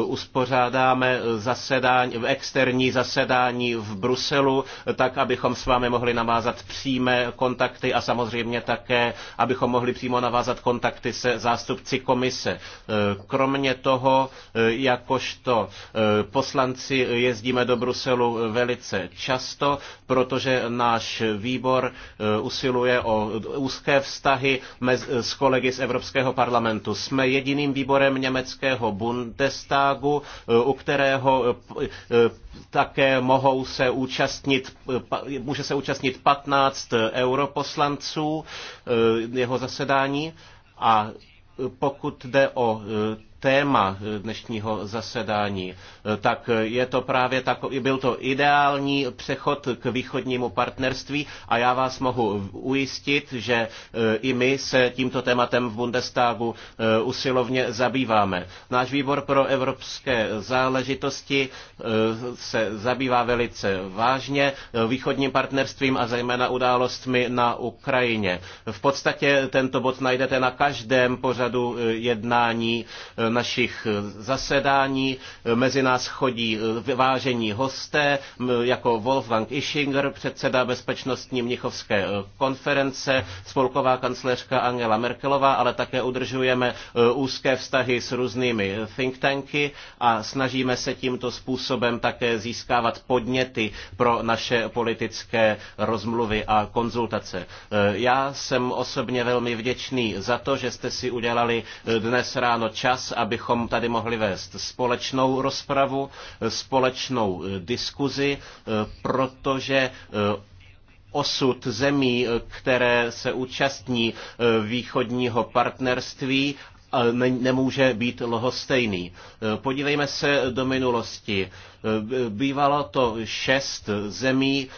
uspořádáme zasedání, externí zasedání v Bruselu, tak abychom s vámi mohli navázat přímé kontakty a samozřejmě samozřejmě také, abychom mohli přímo navázat kontakty se zástupci komise. E, kromě toho, e, jakožto e, poslanci jezdíme do Bruselu velice často, protože náš výbor usiluje o úzké vztahy s kolegy z Evropského parlamentu. Jsme jediným výborem německého Bundestagu, u kterého také mohou se účastnit, může se účastnit 15 europoslanců Eh, jeho zasedání a pokud jde o eh, téma dnešního zasedání, tak je to právě takový, byl to ideální přechod k východnímu partnerství a já vás mohu ujistit, že eh, i my se tímto tématem v Bundestagu eh, usilovně zabýváme. Náš výbor pro evropské záležitosti eh, se zabývá velice vážně východním partnerstvím a zejména událostmi na Ukrajině. V podstatě tento bod najdete na každém pořadu jednání našich eh, zasedání. Eh, mezi nás chodí eh, vážení hosté, jako Wolfgang Ischinger, předseda Bezpečnostní mnichovské konference, spolková kancléřka Angela Merkelová, ale také udržujeme úzké vztahy s různými think tanky a snažíme se tímto způsobem také získávat podněty pro naše politické rozmluvy a konzultace. Já jsem osobně velmi vděčný za to, že jste si udělali dnes ráno čas a abychom tady mohli vést společnou rozpravu, společnou eh, diskuzi, eh, protože eh, osud zemí, které se účastní východního partnerství nemůže být lohostejný. Podívejme se do minulosti. Bývalo to šest zemí,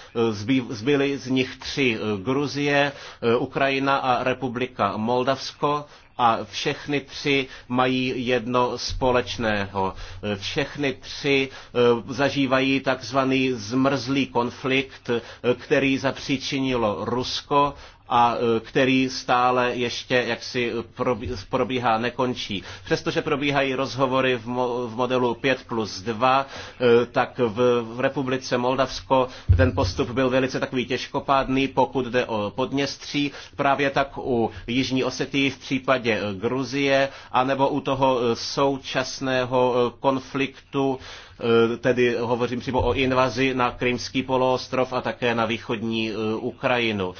zbyly z nich tři Gruzie, Ukrajina a Republika Moldavsko a všechny tři mají jedno společného. Všechny tři e, zažívají takzvaný zmrzlý konflikt, e, který zapříčinilo Rusko a e, který stále ještě jaksi probíhá, nekončí. Přestože probíhají rozhovory v, mo, v modelu 5 plus 2, e, tak v, v republice Moldavsko ten postup byl velice takový těžkopádný, pokud jde o Podněstří, právě tak u Jižní Osetii v případě e, Gruzie, anebo u toho současného konfliktu E, tedy hovořím přímo o invazi na Krymský poloostrov a také na východní e, Ukrajinu. E,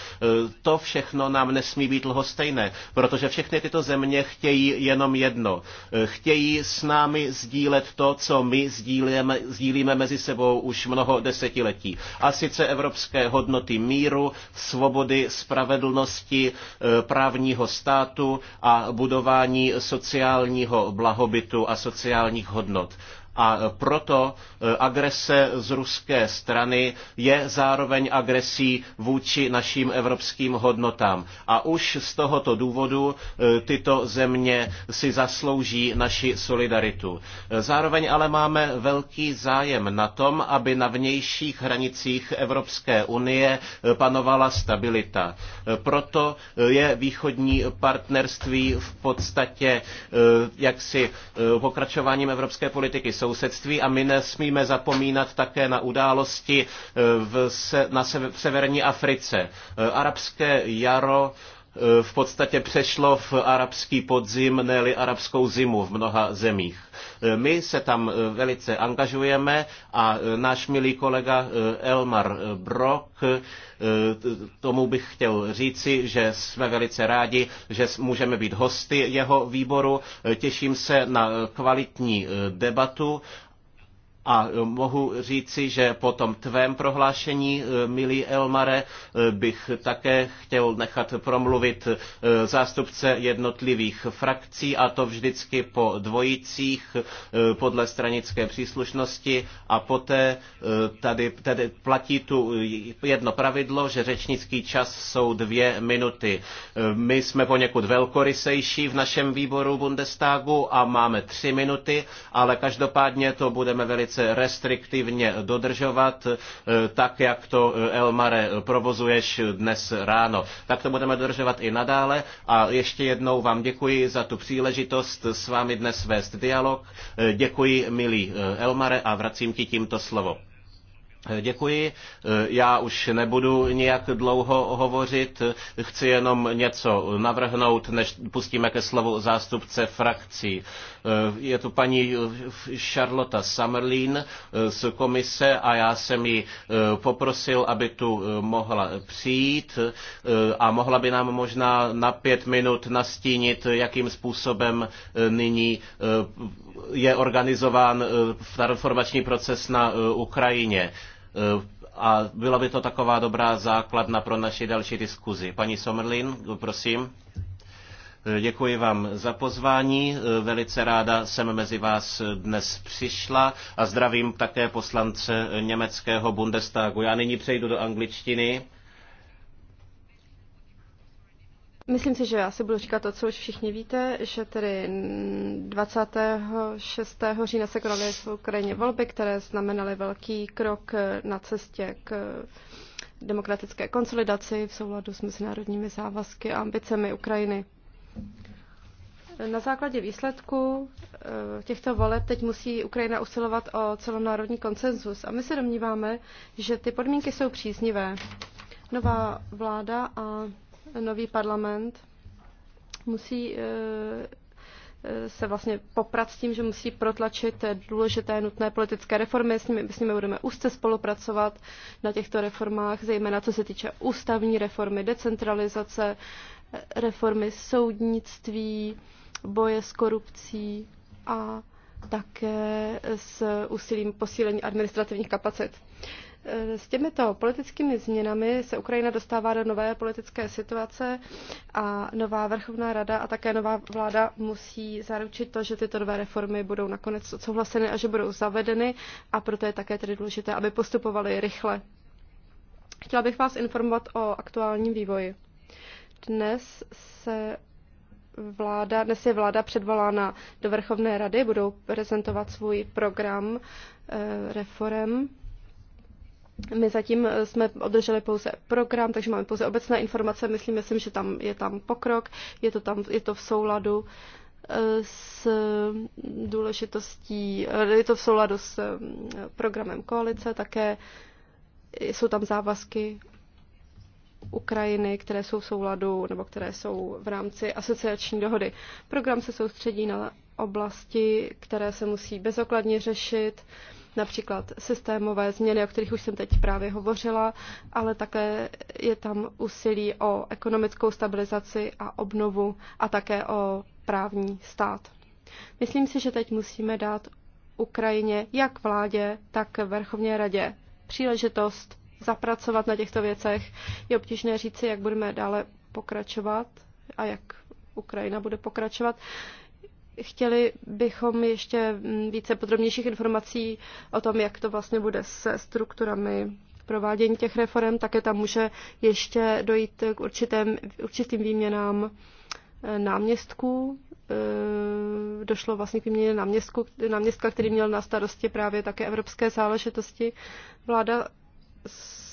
to všechno nám nesmí být lhostejné, protože všechny tyto země chtějí jenom jedno. Chtějí s námi sdílet to, co my sdílíme, sdílíme mezi sebou už mnoho desetiletí. A sice evropské hodnoty míru, svobody, spravedlnosti, právního státu a budování sociálního blahobytu a sociálních hodnot. A proto e, agrese z ruské strany je zároveň agresí vůči našim evropským hodnotám. A už z tohoto důvodu e, tyto země si zaslouží naši solidaritu. E, zároveň ale máme velký zájem na tom, aby na vnějších hranicích Evropské unie panovala stabilita. Proto je východní partnerství v podstatě jaksi pokračováním evropské politiky sousedství a my nesmíme zapomínat také na události eh, v, na severní Africe. Eh, arabské jaro v podstatě přešlo v arabský podzim, ne arabskou zimu v mnoha zemích. My se tam e, velice angažujeme a e, náš milý kolega e, Elmar Brok, tomu bych chtěl říci, že jsme velice rádi, že můžeme být hosty jeho výboru. Těším se na kvalitní debatu a e, mohu říci, že po tom tvém prohlášení, e, milý Elmare, e, bych také chtěl nechat promluvit zástupce jednotlivých frakcí a to vždycky po dvojicích podle stranické příslušnosti a poté tady, tady platí tu jedno pravidlo, že řečnický čas jsou dvě minuty. My jsme poněkud velkorysejší v našem výboru Bundestagu a máme tři minuty, ale každopádně to budeme velice velice restriktivně dodržovat, eh, tak jak to eh, Elmare eh, provozuješ dnes ráno. Tak to budeme dodržovat i nadále a ještě jednou vám děkuji za tu příležitost s vámi dnes vést dialog. Děkuji, milý Elmare, a vracím ti tímto slovo. Děkuji. Já už nebudu nijak dlouho hovořit. Chci jenom něco navrhnout, než pustíme ke slovu zástupce frakcí. Je tu paní Charlotte Summerlin z komise a já jsem ji poprosil, aby tu mohla přijít a mohla by nám možná na pět minut nastínit, jakým způsobem nyní je organizován transformační proces na Ukrajině. Eh, a byla by to taková dobrá základna pro naši další diskuzi. Paní Somerlin, prosím. Eh, děkuji vám za pozvání. Eh, velice ráda jsem mezi vás dnes přišla a zdravím také poslance německého Bundestagu. Já nyní přejdu do angličtiny Myslím si, že já si budu říkat to, co už všichni víte, že tedy 26. října se konaly v Ukrajině volby, které znamenaly velký krok na cestě k demokratické konsolidaci v souladu s mezinárodními závazky a ambicemi Ukrajiny. Na základě výsledku eh, těchto voleb teď musí Ukrajina usilovat o celonárodní konsenzus a my se domníváme, že ty podmínky jsou příznivé. Nová vláda a nový parlament musí eh, eh, se vlastně poprat s tím, že musí protlačit důležité nutné politické reformy. S nimi, s nimi budeme úzce spolupracovat na těchto reformách, zejména co se týče ústavní reformy, decentralizace, reformy soudnictví, boje s korupcí a také s úsilím posílení administrativních kapacit. E, s těmito politickými změnami se Ukrajina dostává do nové politické situace a nová vrchovná rada a také nová vláda musí zaručit to, že tyto nové reformy budou nakonec odsouhlaseny a že budou zavedeny a proto je také tedy důležité, aby postupovaly rychle. Chtěla bych vás informovat o aktuálním vývoji. Dnes se vláda, dnes je vláda předvolána do Vrchovné rady, budou prezentovat svůj program e, reform my zatím eh, jsme održeli pouze program, takže máme pouze obecné informace. Myslím, myslím že tam je tam pokrok, je to, tam, je to v souladu eh, s důležitostí, eh, je to v souladu s programem koalice, také jsou tam závazky Ukrajiny, které jsou v souladu nebo které jsou v rámci asociační dohody. Program se soustředí na oblasti, které se musí bezokladně řešit například systémové změny, o kterých už jsem teď právě hovořila, ale také je tam úsilí o ekonomickou stabilizaci a obnovu a také o právní stát. Myslím si, že teď musíme dát Ukrajině, jak vládě, tak vrchovně radě, příležitost zapracovat na těchto věcech. Je obtížné říci, jak budeme dále pokračovat a jak Ukrajina bude pokračovat. Chtěli bychom ještě mm, více podrobnějších informací o tom, jak to vlastně bude se strukturami provádění těch reform. Také tam může ještě dojít k určitém, určitým výměnám eh, náměstků. Eh, došlo vlastně k výměně náměstku, náměstka, který měl na starosti právě také evropské záležitosti. Vláda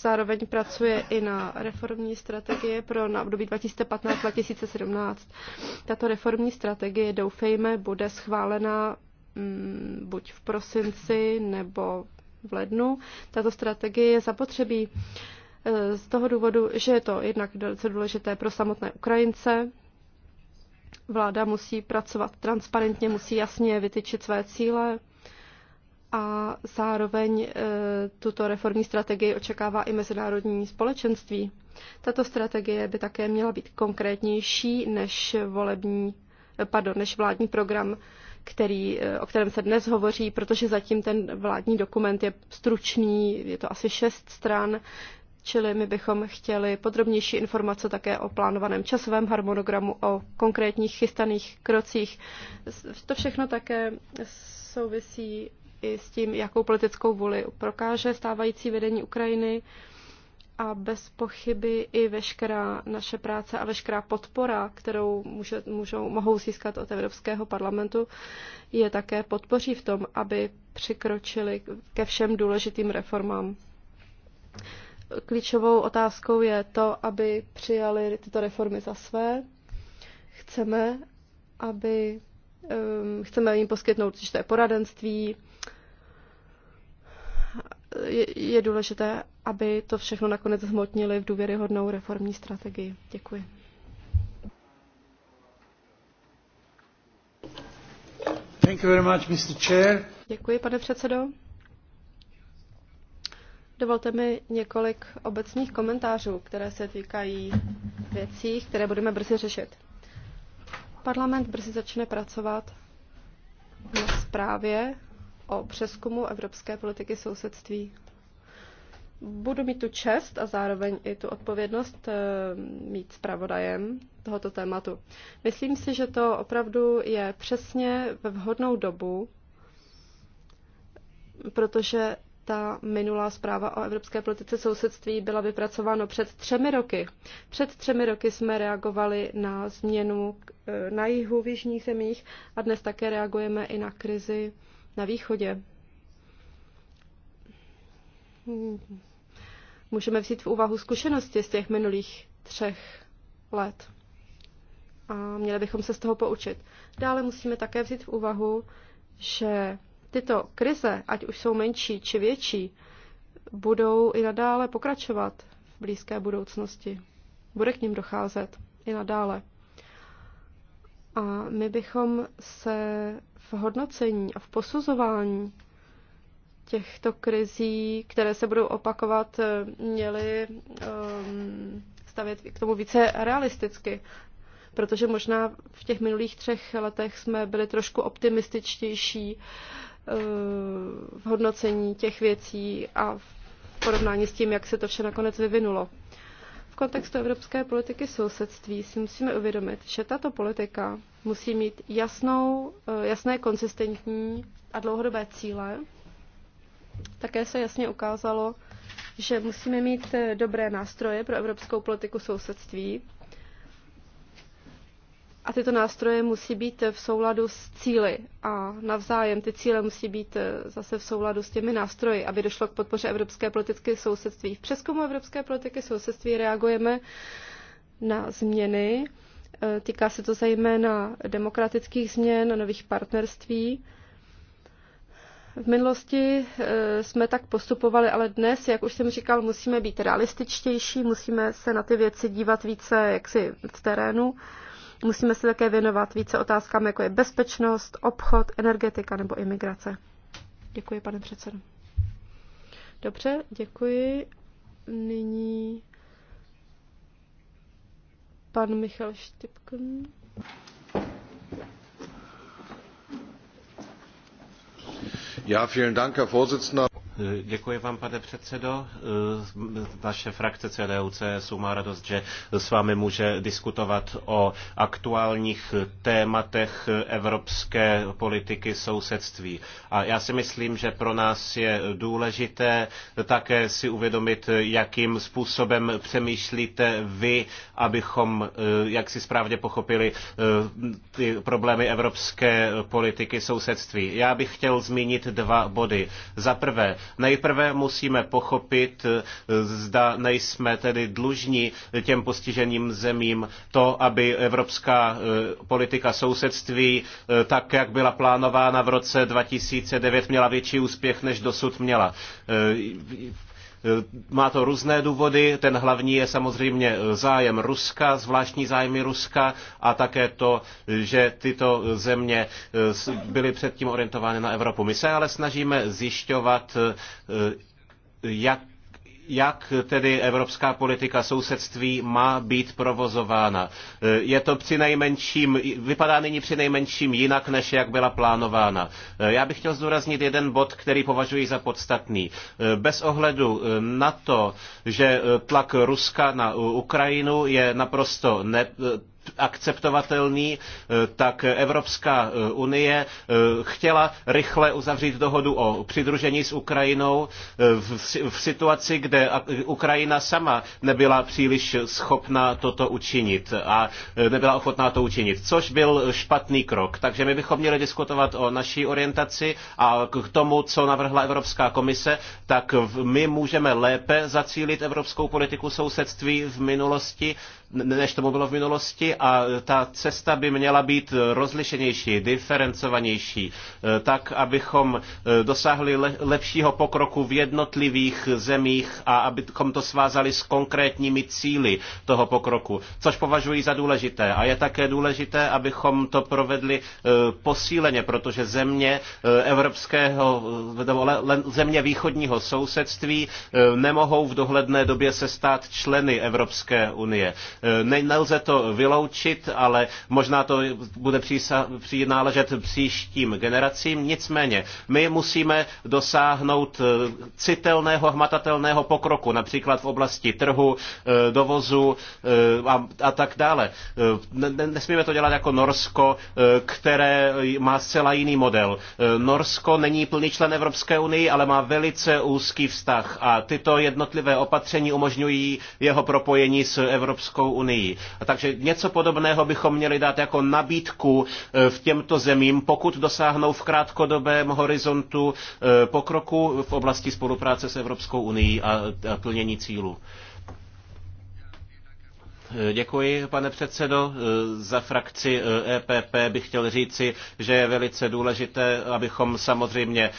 Zároveň pracuje i na reformní strategie pro na období 2015-2017. Tato reformní strategie, doufejme, bude schválena mm, buď v prosinci nebo v lednu. Tato strategie je zapotřebí e, z toho důvodu, že je to jednak velice důležité pro samotné Ukrajince. Vláda musí pracovat transparentně, musí jasně vytyčit své cíle, a zároveň e, tuto reformní strategii očekává i mezinárodní společenství. Tato strategie by také měla být konkrétnější než volební, e, pardon, než vládní program, který, e, o kterém se dnes hovoří, protože zatím ten vládní dokument je stručný, je to asi šest stran, čili my bychom chtěli podrobnější informace také o plánovaném časovém harmonogramu, o konkrétních chystaných krocích. To všechno také souvisí i s tím, jakou politickou vůli prokáže stávající vedení Ukrajiny a bez pochyby i veškerá naše práce a veškerá podpora, kterou může, můžou, mohou získat od Evropského parlamentu, je také podpoří v tom, aby přikročili ke všem důležitým reformám. Klíčovou otázkou je to, aby přijali tyto reformy za své. Chceme, aby um, chceme jim poskytnout určité poradenství, je důležité, aby to všechno nakonec zhmotnili v důvěryhodnou reformní strategii. Děkuji. Thank you very much, Mr. Chair. Děkuji, pane předsedo. Dovolte mi několik obecných komentářů, které se týkají věcí, které budeme brzy řešit. Parlament brzy začne pracovat na zprávě o přeskumu evropské politiky sousedství. Budu mít tu čest a zároveň i tu odpovědnost eh, mít zpravodajem tohoto tématu. Myslím si, že to opravdu je přesně ve vhodnou dobu, protože ta minulá zpráva o evropské politice sousedství byla vypracována před třemi roky. Před třemi roky jsme reagovali na změnu eh, na jihu v jižních zemích a dnes také reagujeme i na krizi na východě. Můžeme vzít v úvahu zkušenosti z těch minulých třech let. A měli bychom se z toho poučit. Dále musíme také vzít v úvahu, že tyto krize, ať už jsou menší či větší, budou i nadále pokračovat v blízké budoucnosti. Bude k ním docházet i nadále. A my bychom se v hodnocení a v posuzování těchto krizí, které se budou opakovat, eh, měli ehm, stavět k tomu více realisticky. Protože možná v těch minulých třech letech jsme byli trošku optimističtější eh, v hodnocení těch věcí a v porovnání s tím, jak se to vše nakonec vyvinulo kontextu evropské politiky sousedství si musíme uvědomit, že tato politika musí mít jasnou, eh, jasné, konsistentní a dlouhodobé cíle. Také se jasně ukázalo, že musíme mít eh, dobré nástroje pro evropskou politiku sousedství, a tyto nástroje musí být v souladu s cíly a navzájem ty cíle musí být eh, zase v souladu s těmi nástroji, aby došlo k podpoře evropské politiky sousedství. V přeskumu evropské politiky sousedství reagujeme na změny. Eh, týká se to zejména demokratických změn, nových partnerství. V minulosti eh, jsme tak postupovali, ale dnes, jak už jsem říkal, musíme být realističtější, musíme se na ty věci dívat více jaksi v terénu. Musíme se také věnovat více otázkám, jako je bezpečnost, obchod, energetika nebo imigrace. Děkuji, pane předsedo. Dobře, děkuji. Nyní pan Michal Štipkn. Ja, vielen Dank, Herr Vorsitzender. Děkuji vám, pane předsedo. Naše frakce CDU-CSU má radost, že s vámi může diskutovat o aktuálních tématech evropské politiky sousedství. A já si myslím, že pro nás je důležité také si uvědomit, jakým způsobem přemýšlíte vy, abychom, eh, jak si správně pochopili, eh, ty problémy evropské politiky sousedství. Já bych chtěl zmínit dva body. Za prvé, Nejprve musíme pochopit, eh, zda nejsme tedy dlužní těm postiženým zemím to, aby evropská eh, politika sousedství, eh, tak jak byla plánována v roce 2009, měla větší úspěch, než dosud měla. Eh, má to různé důvody. Ten hlavní je samozřejmě eh, zájem Ruska, zvláštní zájmy Ruska a také to, eh, že tyto země byly předtím orientovány na Evropu. My se ale snažíme zjišťovat, jak jak tedy evropská politika sousedství má být provozována. Je to přinejmenším, vypadá nyní přinejmenším jinak, než jak byla plánována. Já bych chtěl zdůraznit jeden bod, který považuji za podstatný. Bez ohledu na to, že tlak Ruska na Ukrajinu je naprosto ne, akceptovatelný, eh, tak Evropská eh, unie eh, chtěla rychle uzavřít dohodu o přidružení s Ukrajinou v situaci, kde Ukrajina sama nebyla příliš schopna toto učinit a nebyla ochotná to učinit, což byl špatný krok. Takže my bychom měli diskutovat o naší orientaci a k tomu, co navrhla Evropská komise, tak my můžeme lépe zacílit evropskou politiku sousedství v minulosti, než tomu bylo v minulosti a ta cesta by měla být rozlišenější, diferencovanější, eh, tak, abychom eh, dosáhli lepšího pokroku v jednotlivých zemích a abychom to svázali s konkrétními cíly toho pokroku, což považuji za důležité. A je také důležité, abychom to provedli eh, posíleně, protože země evropského, země východního sousedství nemohou v dohledné době se stát členy Evropské unie. Eh, nelze to vyloučit, ale možná to bude přináležet příštím generacím. Nicméně, my musíme dosáhnout eh, citelného, hmatatelného pokroku, například v oblasti trhu, eh, dovozu a, a tak dále. Nesmíme to dělat jako Norsko, které má zcela jiný model. Norsko není plný člen Evropské unie, ale má velice úzký vztah a tyto jednotlivé opatření umožňují jeho propojení s Evropskou Evropskou unii. Takže něco podobného bychom měli dát jako nabídku e, v těmto zemím, pokud dosáhnou v krátkodobém horizontu e, pokroku v oblasti spolupráce s Evropskou unii a plnění cílů. Eh, děkuji, pane předsedo. Eh, za frakci EPP eh, e bych chtěl říci, že je velice důležité, abychom samozřejmě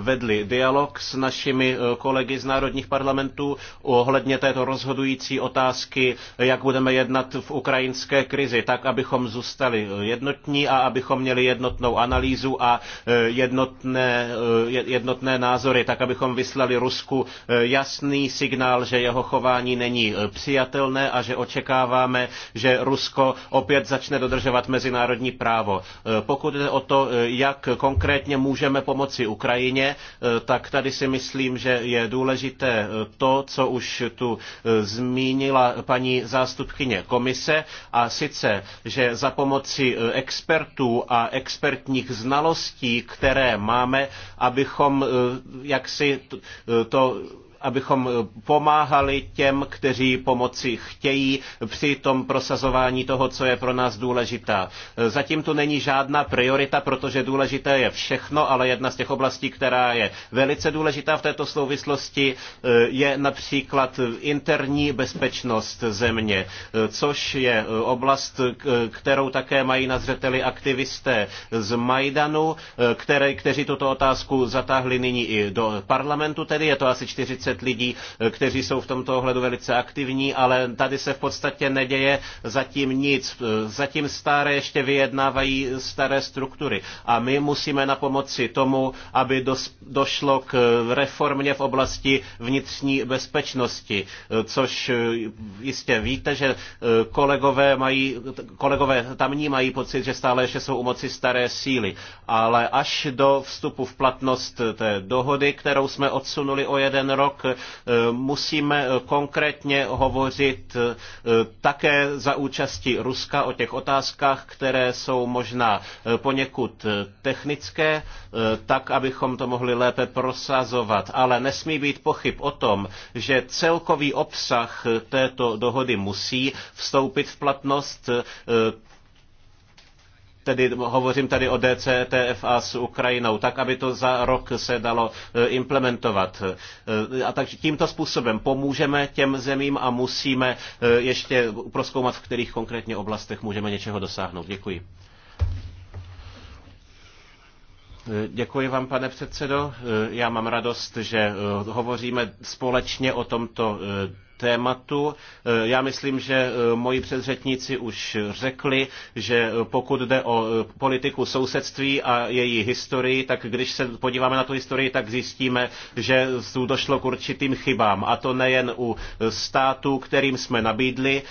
vedli dialog s našimi kolegy z národních parlamentů ohledně této rozhodující otázky, jak budeme jednat v ukrajinské krizi, tak abychom zůstali jednotní a abychom měli jednotnou analýzu a jednotné, jednotné názory, tak abychom vyslali Rusku jasný signál, že jeho chování není přijatelné a že očekáváme očekáváme, že Rusko opět začne dodržovat mezinárodní právo. E, pokud jde o to, e, jak konkrétně můžeme pomoci Ukrajině, e, tak tady si myslím, že je důležité to, co už tu zmínila paní zástupkyně komise, a sice, že za pomoci expertů a expertních znalostí, které máme, abychom jaksi to abychom eh, pomáhali těm, kteří pomoci chtějí při tom prosazování toho, co je pro nás důležitá. Eh, zatím tu není žádná priorita, protože důležité je všechno, ale jedna z těch oblastí, která je velice důležitá v této souvislosti, eh, je například interní bezpečnost země, což je oblast, kterou také mají na zřeteli aktivisté z Majdanu, které, kteří tuto otázku zatáhli nyní i do parlamentu, tedy je to asi 40 počet lidí, eh, kteří jsou v tomto ohledu velice aktivní, ale tady se v podstatě neděje zatím nic. Eh, zatím staré ještě vyjednávají staré struktury. A my musíme na pomoci tomu, aby došlo k eh, reformě v oblasti vnitřní bezpečnosti, což jistě víte, že kolegové, mají, kolegové tamní mají pocit, že stále ještě jsou u moci staré síly. Ale až do vstupu v platnost té dohody, kterou jsme odsunuli o jeden rok, Eh, musíme konkrétně hovořit eh, také za účasti Ruska o těch otázkách, které jsou možná eh, poněkud technické, tak abychom to mohli lépe prosazovat. Ale nesmí být pochyb o tom, že celkový obsah této dohody musí vstoupit v platnost tedy hovořím tady o DCTFA s Ukrajinou, tak aby to za rok se dalo e, implementovat. E, a tak tímto způsobem pomůžeme těm zemím a musíme e, ještě proskoumat, v kterých konkrétně oblastech můžeme něčeho dosáhnout. Děkuji. Děkuji vám, pane předsedo. Já mám radost, že hovoříme společně o tomto tématu. Eh, já myslím, že eh, moji předřetníci už řekli, že pokud jde o eh, politiku sousedství a její historii, tak když se podíváme na tu historii, tak zjistíme, že tu došlo k určitým chybám. A to nejen u států, kterým jsme nabídli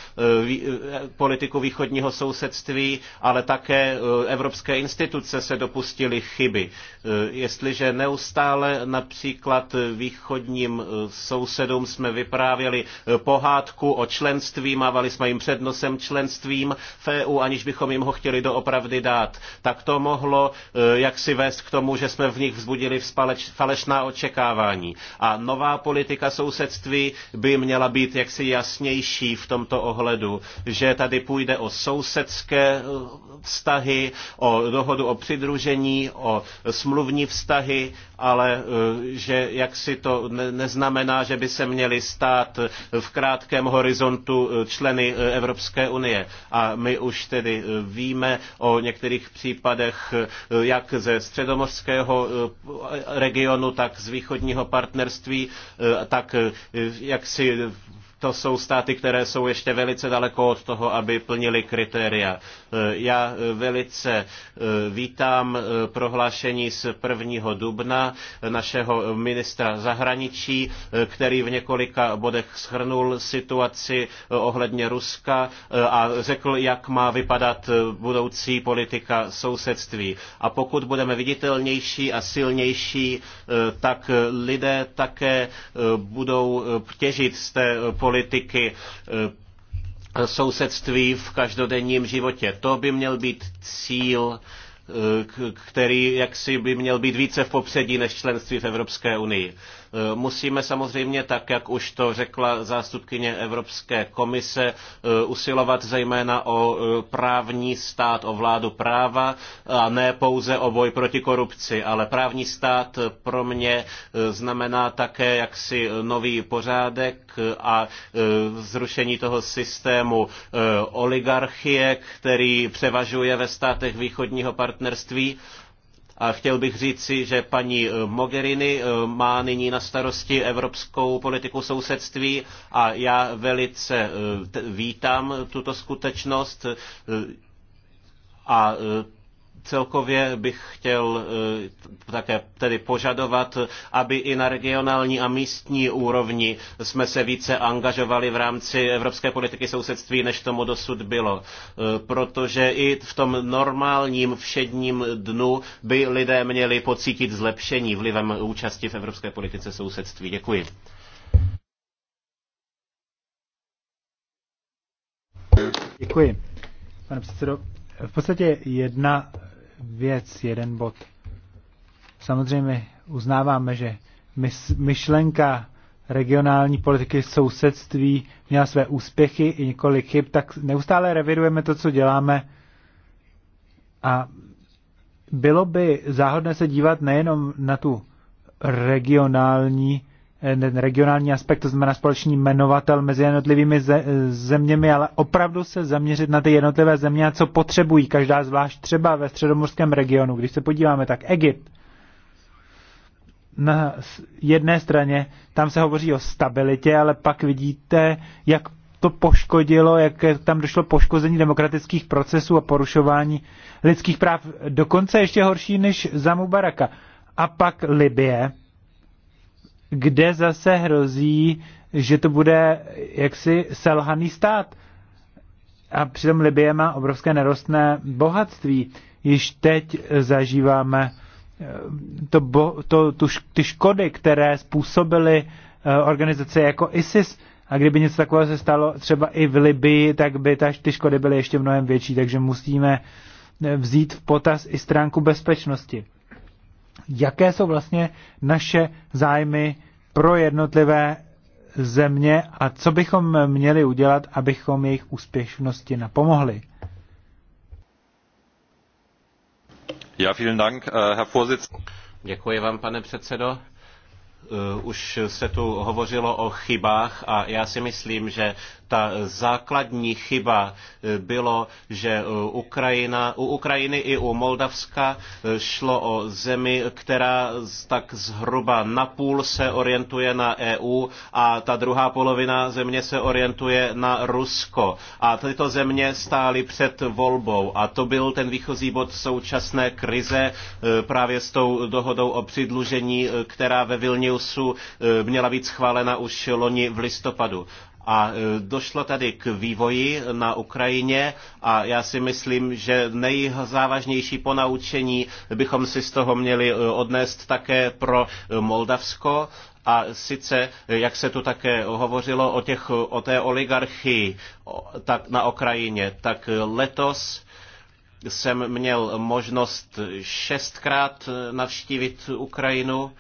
politiku východního sousedství, ale také evropské instituce se dopustily chyby. Jestliže neustále například východním sousedům jsme vyprávěli Eh, pohádku o členství, mávali jsme jim před nosem členstvím v EU, aniž bychom jim ho chtěli doopravdy dát. Tak to mohlo eh, jaksi vést k tomu, že jsme v nich vzbudili falešná očekávání. A nová politika sousedství by měla být jaksi jasnější v tomto ohledu, že tady půjde o sousedské eh, vztahy, o dohodu o přidružení, o smluvní vztahy ale eh, že jak si to neznamená, že by se měli stát v krátkém horizontu eh, členy eh, Evropské unie. A my už tedy víme o některých případech jak ze středomorského regionu, tak z východního partnerství, tak jak si to jsou státy, které jsou ještě velice daleko od toho, aby plnili kritéria. Eh, já eh, velice eh, vítám prohlášení z 1. dubna našeho ministra zahraničí, který v několika bodech shrnul situaci ohledně Ruska a řekl, jak má vypadat budoucí politika sousedství. A pokud budeme viditelnější a silnější, tak lidé také budou těžit z té politiky politiky eh, sousedství v každodenním životě. To by měl být cíl, eh, který jaksi by měl být více v popředí než členství v Evropské unii. Eh, musíme samozřejmě, tak jak už to řekla zástupkyně Evropské komise, eh, usilovat zejména o eh, právní stát, o vládu práva a ne pouze o boj proti korupci, ale právní stát pro mě znamená také jaksi nový pořádek a zrušení toho systému oligarchie, který převažuje ve státech východního partnerství a chtěl bych říci, že paní eh, Mogherini eh, má nyní na starosti evropskou politiku sousedství a já velice eh, vítám tuto skutečnost a Celkově bych chtěl eh, také tedy požadovat, aby i na regionální a místní úrovni jsme se více angažovali v rámci evropské politiky sousedství, než tomu dosud bylo. Eh, protože i v tom normálním všedním dnu by lidé měli pocítit zlepšení vlivem účasti v evropské politice sousedství. Děkuji. Děkuji, pane předsedo. V podstatě jedna věc, jeden bod. Samozřejmě uznáváme, že myšlenka regionální politiky sousedství měla své úspěchy i několik chyb, tak neustále revidujeme to, co děláme. A bylo by záhodné se dívat nejenom na tu regionální ten regionální aspekt, to znamená společný jmenovatel mezi jednotlivými zeměmi, ale opravdu se zaměřit na ty jednotlivé země a co potřebují, každá zvlášť třeba ve středomorském regionu. Když se podíváme, tak Egypt, na jedné straně tam se hovoří o stabilitě, ale pak vidíte, jak to poškodilo, jak tam došlo poškození demokratických procesů a porušování lidských práv, dokonce ještě horší než za Mubaraka. A pak Libie, kde zase hrozí, že to bude jaksi selhaný stát. A přitom Libie má obrovské nerostné bohatství. Již teď zažíváme eh, to, to, tu, ty škody, které způsobily eh, organizace jako ISIS. A kdyby něco takového se stalo třeba i v Libii, tak by ta, ty škody byly ještě mnohem větší. Takže musíme eh, vzít v potaz i stránku bezpečnosti jaké jsou vlastně naše zájmy pro jednotlivé země a co bychom měli udělat, abychom jejich úspěšnosti napomohli. Ja, vielen Dank, äh, Herr Vorsitzender. Děkuji vám, pane předsedo. Äh, už se tu hovořilo o chybách a já si myslím, že ta základní chyba eh, bylo, že eh, Ukrajina, u Ukrajiny i u Moldavska eh, šlo o zemi, která tak zhruba na půl se orientuje na EU a ta druhá polovina země se orientuje na Rusko. A tyto země stály před volbou a to byl ten výchozí bod současné krize právě s tou dohodou o přidlužení, která ve Vilniusu měla být schválena už loni v listopadu. A e, došlo tady k vývoji na Ukrajině a já si myslím, že nejzávažnější ponaučení bychom si z toho měli e, odnést také pro e, Moldavsko. A sice, jak se tu také hovořilo o, těch, o té oligarchii tak na Ukrajině, tak letos jsem měl možnost šestkrát navštívit Ukrajinu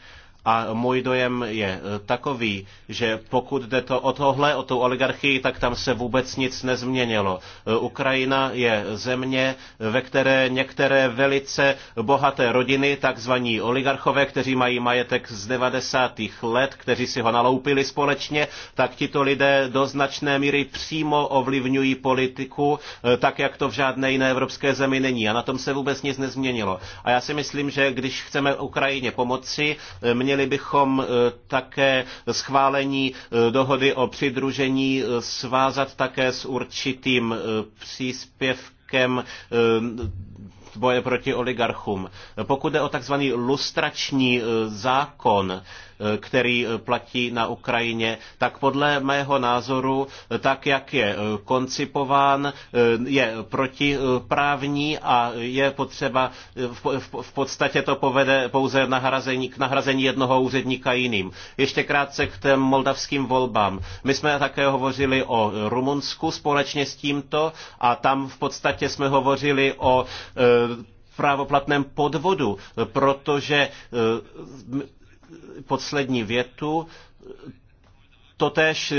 a můj dojem je eh, takový, že pokud jde to o tohle, o tu oligarchii, tak tam se vůbec nic nezměnilo. Eh, Ukrajina je země, ve které některé velice bohaté rodiny, takzvaní oligarchové, kteří mají majetek z 90. let, kteří si ho naloupili společně, tak tito lidé do značné míry přímo ovlivňují politiku, eh, tak jak to v žádné jiné evropské zemi není. A na tom se vůbec nic nezměnilo. A já si myslím, že když chceme Ukrajině pomoci, mě měli bychom eh, také schválení eh, dohody o přidružení eh, svázat také s určitým příspěvkem boje proti oligarchům. Pokud jde o takzvaný lustrační zákon, který platí na Ukrajině, tak podle mého názoru, tak jak je koncipován, je protiprávní a je potřeba, v podstatě to povede pouze nahrazení, k nahrazení jednoho úředníka jiným. Ještě krátce k těm moldavským volbám. My jsme také hovořili o Rumunsku společně s tímto a tam v podstatě jsme hovořili o e, právoplatném podvodu, protože e, poslední větu. Totež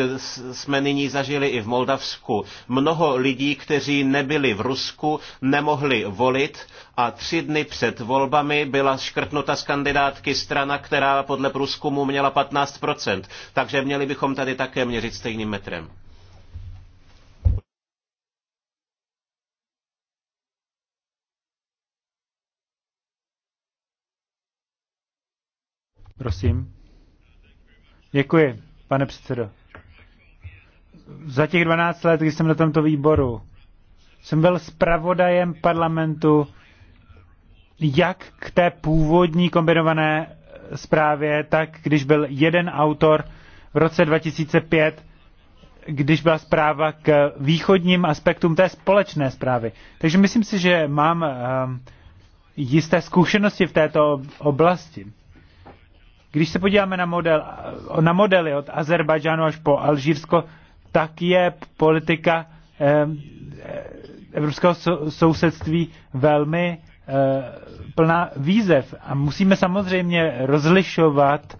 jsme nyní zažili i v Moldavsku. Mnoho lidí, kteří nebyli v Rusku, nemohli volit a tři dny před volbami byla škrtnuta z kandidátky strana, která podle průzkumu měla 15%. Takže měli bychom tady také měřit stejným metrem. Prosím. Děkuji, pane předsedo. Za těch 12 let, kdy jsem na tomto výboru, jsem byl zpravodajem parlamentu jak k té původní kombinované zprávě, tak když byl jeden autor v roce 2005, když byla zpráva k východním aspektům té společné zprávy. Takže myslím si, že mám ehm, jisté zkušenosti v této oblasti. Když se podíváme na, model, na modely od Azerbajdžánu až po Alžírsko, tak je politika eh, evropského sousedství velmi eh, plná výzev. A musíme samozřejmě rozlišovat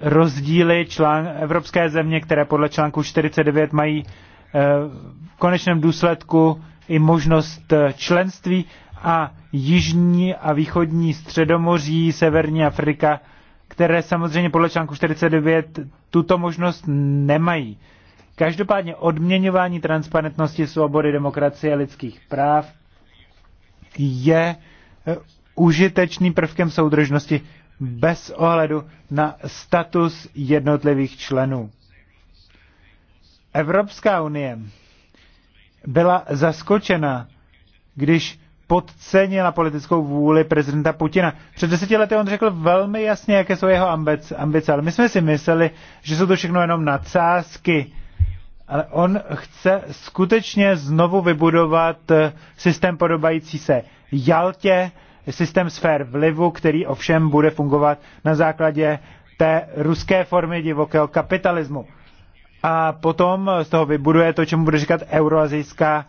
rozdíly člán, evropské země, které podle článku 49 mají eh, v konečném důsledku i možnost členství a jižní a východní středomoří, severní Afrika které samozřejmě podle článku 49 tuto možnost nemají. Každopádně odměňování transparentnosti, svobody, demokracie, lidských práv je eh, užitečným prvkem soudržnosti bez ohledu na status jednotlivých členů. Evropská unie byla zaskočena, když podcenila politickou vůli prezidenta Putina. Před deseti lety on řekl velmi jasně, jaké jsou jeho ambice, ale my jsme si mysleli, že jsou to všechno jenom nadsázky. Ale on chce skutečně znovu vybudovat eh, systém podobající se Jaltě, systém sfér vlivu, který ovšem bude fungovat na základě té ruské formy divokého kapitalismu. A potom z toho vybuduje to, čemu bude říkat Euroazijská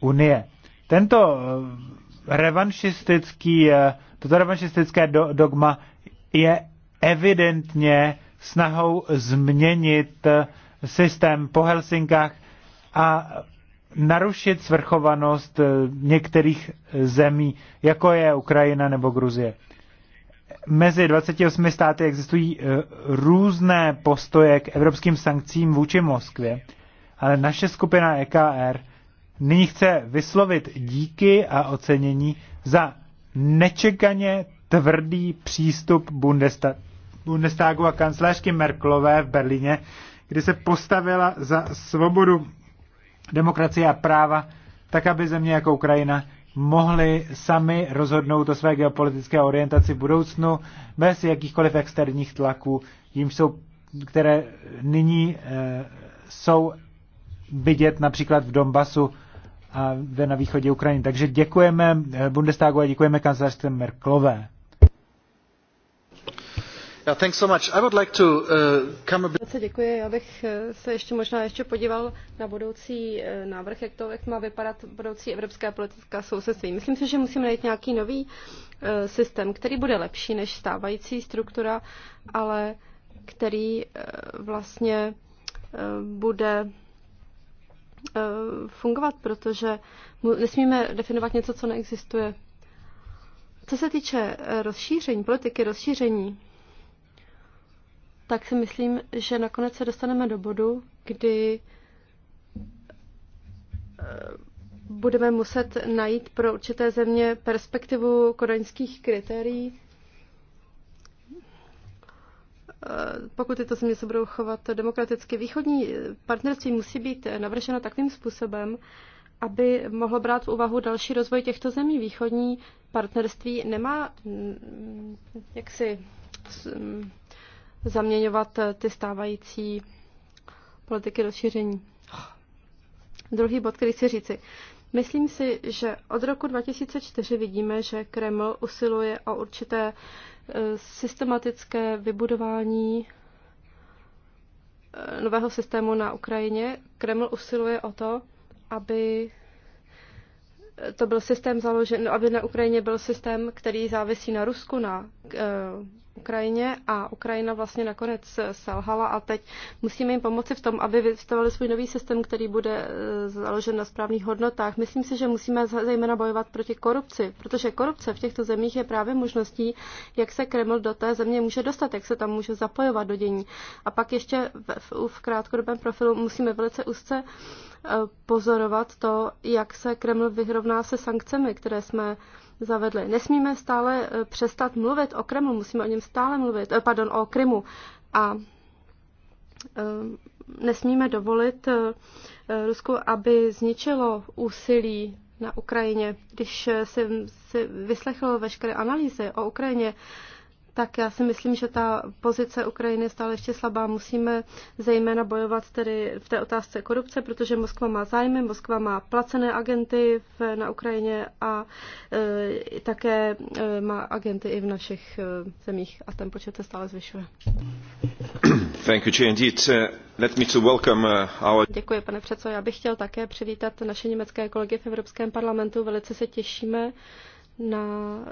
unie. Tento eh, revanšistický, eh, toto revanšistické dogma je evidentně snahou změnit eh, systém po Helsinkách a narušit svrchovanost eh, některých zemí, jako je Ukrajina nebo Gruzie. Mezi 28 státy existují různé postoje k evropským sankcím vůči Moskvě, ale naše skupina EKR nyní chce vyslovit díky a ocenění za nečekaně tvrdý přístup Bundesta- Bundestagu a kancelářky Merklové v Berlíně, kdy se postavila za svobodu, demokracie a práva, tak aby země jako Ukrajina mohly sami rozhodnout o své geopolitické orientaci v budoucnu bez jakýchkoliv externích tlaků, jim jsou, které nyní e, jsou vidět například v Donbasu a na východě Ukrajiny. Takže děkujeme eh, Bundestagu a děkujeme kancelářství Merklové. Uh, děkuji. Já bych eh, se ještě možná ještě podíval na budoucí eh, návrh, jak to jak má vypadat budoucí evropská politická sousedství. Myslím si, že musíme najít nějaký nový systém, který bude lepší než stávající struktura, ale který vlastně bude Eh, fungovat, protože nesmíme definovat něco, co neexistuje. Co se týče eh, rozšíření, politiky rozšíření, tak si myslím, že nakonec se dostaneme do bodu, kdy eh, budeme muset najít pro určité země perspektivu kodaňských kritérií, pokud tyto země se budou chovat demokraticky, východní partnerství musí být navrženo takovým způsobem, aby mohlo brát v úvahu další rozvoj těchto zemí. Východní partnerství nemá mm, jak si mm, zaměňovat ty stávající politiky rozšíření. Druhý bod, který chci říci. Myslím si, že od roku 2004 vidíme, že Kreml usiluje o určité systematické vybudování eh, nového systému na Ukrajině. Kreml usiluje o to, aby eh, to byl systém založen, no, aby na Ukrajině byl systém, který závisí na Rusku, na eh, Ukrajině a Ukrajina vlastně nakonec eh, selhala a teď musíme jim pomoci v tom, aby vystavili svůj nový systém, který bude eh, založen na správných hodnotách. Myslím si, že musíme zejména bojovat proti korupci, protože korupce v těchto zemích je právě možností, jak se Kreml do té země může dostat, jak se tam může zapojovat do dění. A pak ještě v, v krátkodobém profilu musíme velice úzce eh, pozorovat to, jak se Kreml vyrovná se sankcemi, které jsme zavedli. Nesmíme stále eh, přestat mluvit o Kremlu, musíme o něm stále mluvit, eh, pardon, o Krymu. A eh, nesmíme dovolit Rusku, aby zničilo úsilí na Ukrajině. Když jsem si vyslechl veškeré analýzy o Ukrajině, tak já si myslím, že ta pozice Ukrajiny je stále ještě slabá. Musíme zejména bojovat tedy v té otázce korupce, protože Moskva má zájmy, Moskva má placené agenty v, na Ukrajině a e, také e, má agenty i v našich e, zemích a ten počet se stále zvyšuje. Thank you, uh, Let me to welcome uh, our... Děkuji, pane předsedo. Já bych chtěl také přivítat naše německé kolegy v Evropském parlamentu. Velice se těšíme, na